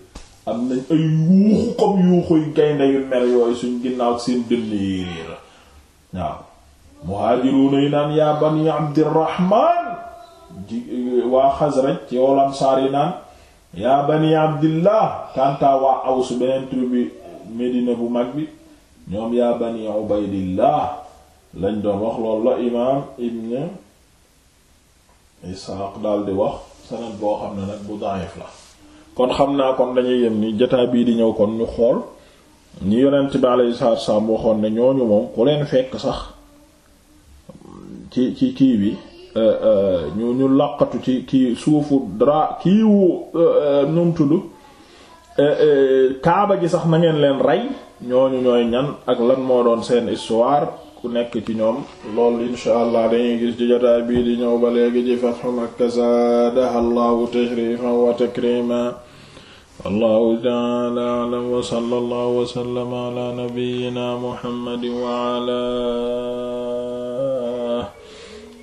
am nañ ay yuuxu comme yuuxuy gaynde yu mer yooyu suñ ginnaaw seen dënn waaw muhaajiruuna yi naan yaa bani abdirahman ji waa xasraj ci wal ansaar yi naan yaa bani abdillah kantaa waa awsu beneen tribu Medina bu mag bi ñoom yaa bani ubaydillah lañ doon wax loolu la imaam ibn Isaaq daal di wax sanad boo xam ne nag bu da'if la kon xam naa kon dañuy yem ni jotaay bii di ñëw kon ñu xool ñu yonent bi alayhi salaatu wa salaam waxoon ne ñooñu moom ku leen fekk sax ci ci kii bi Euh, euh, ñu ñu laqatu ci kii suufu dra kiiwu ñoom euh, kaaba gi sax na ngeen leen rey ñooñu ñooy ñan ak lan moo doon seen histoire ku nekk ci ñoom loolu insha allah dañuy gis ci jotaay bii di ñëw ba léegi ci fathu makka zaadaha allahu tashrifan wa takrima wallahu ta'ala a'lam wa sallallahu wa sallama ala nabiyyina muhammadin wa ala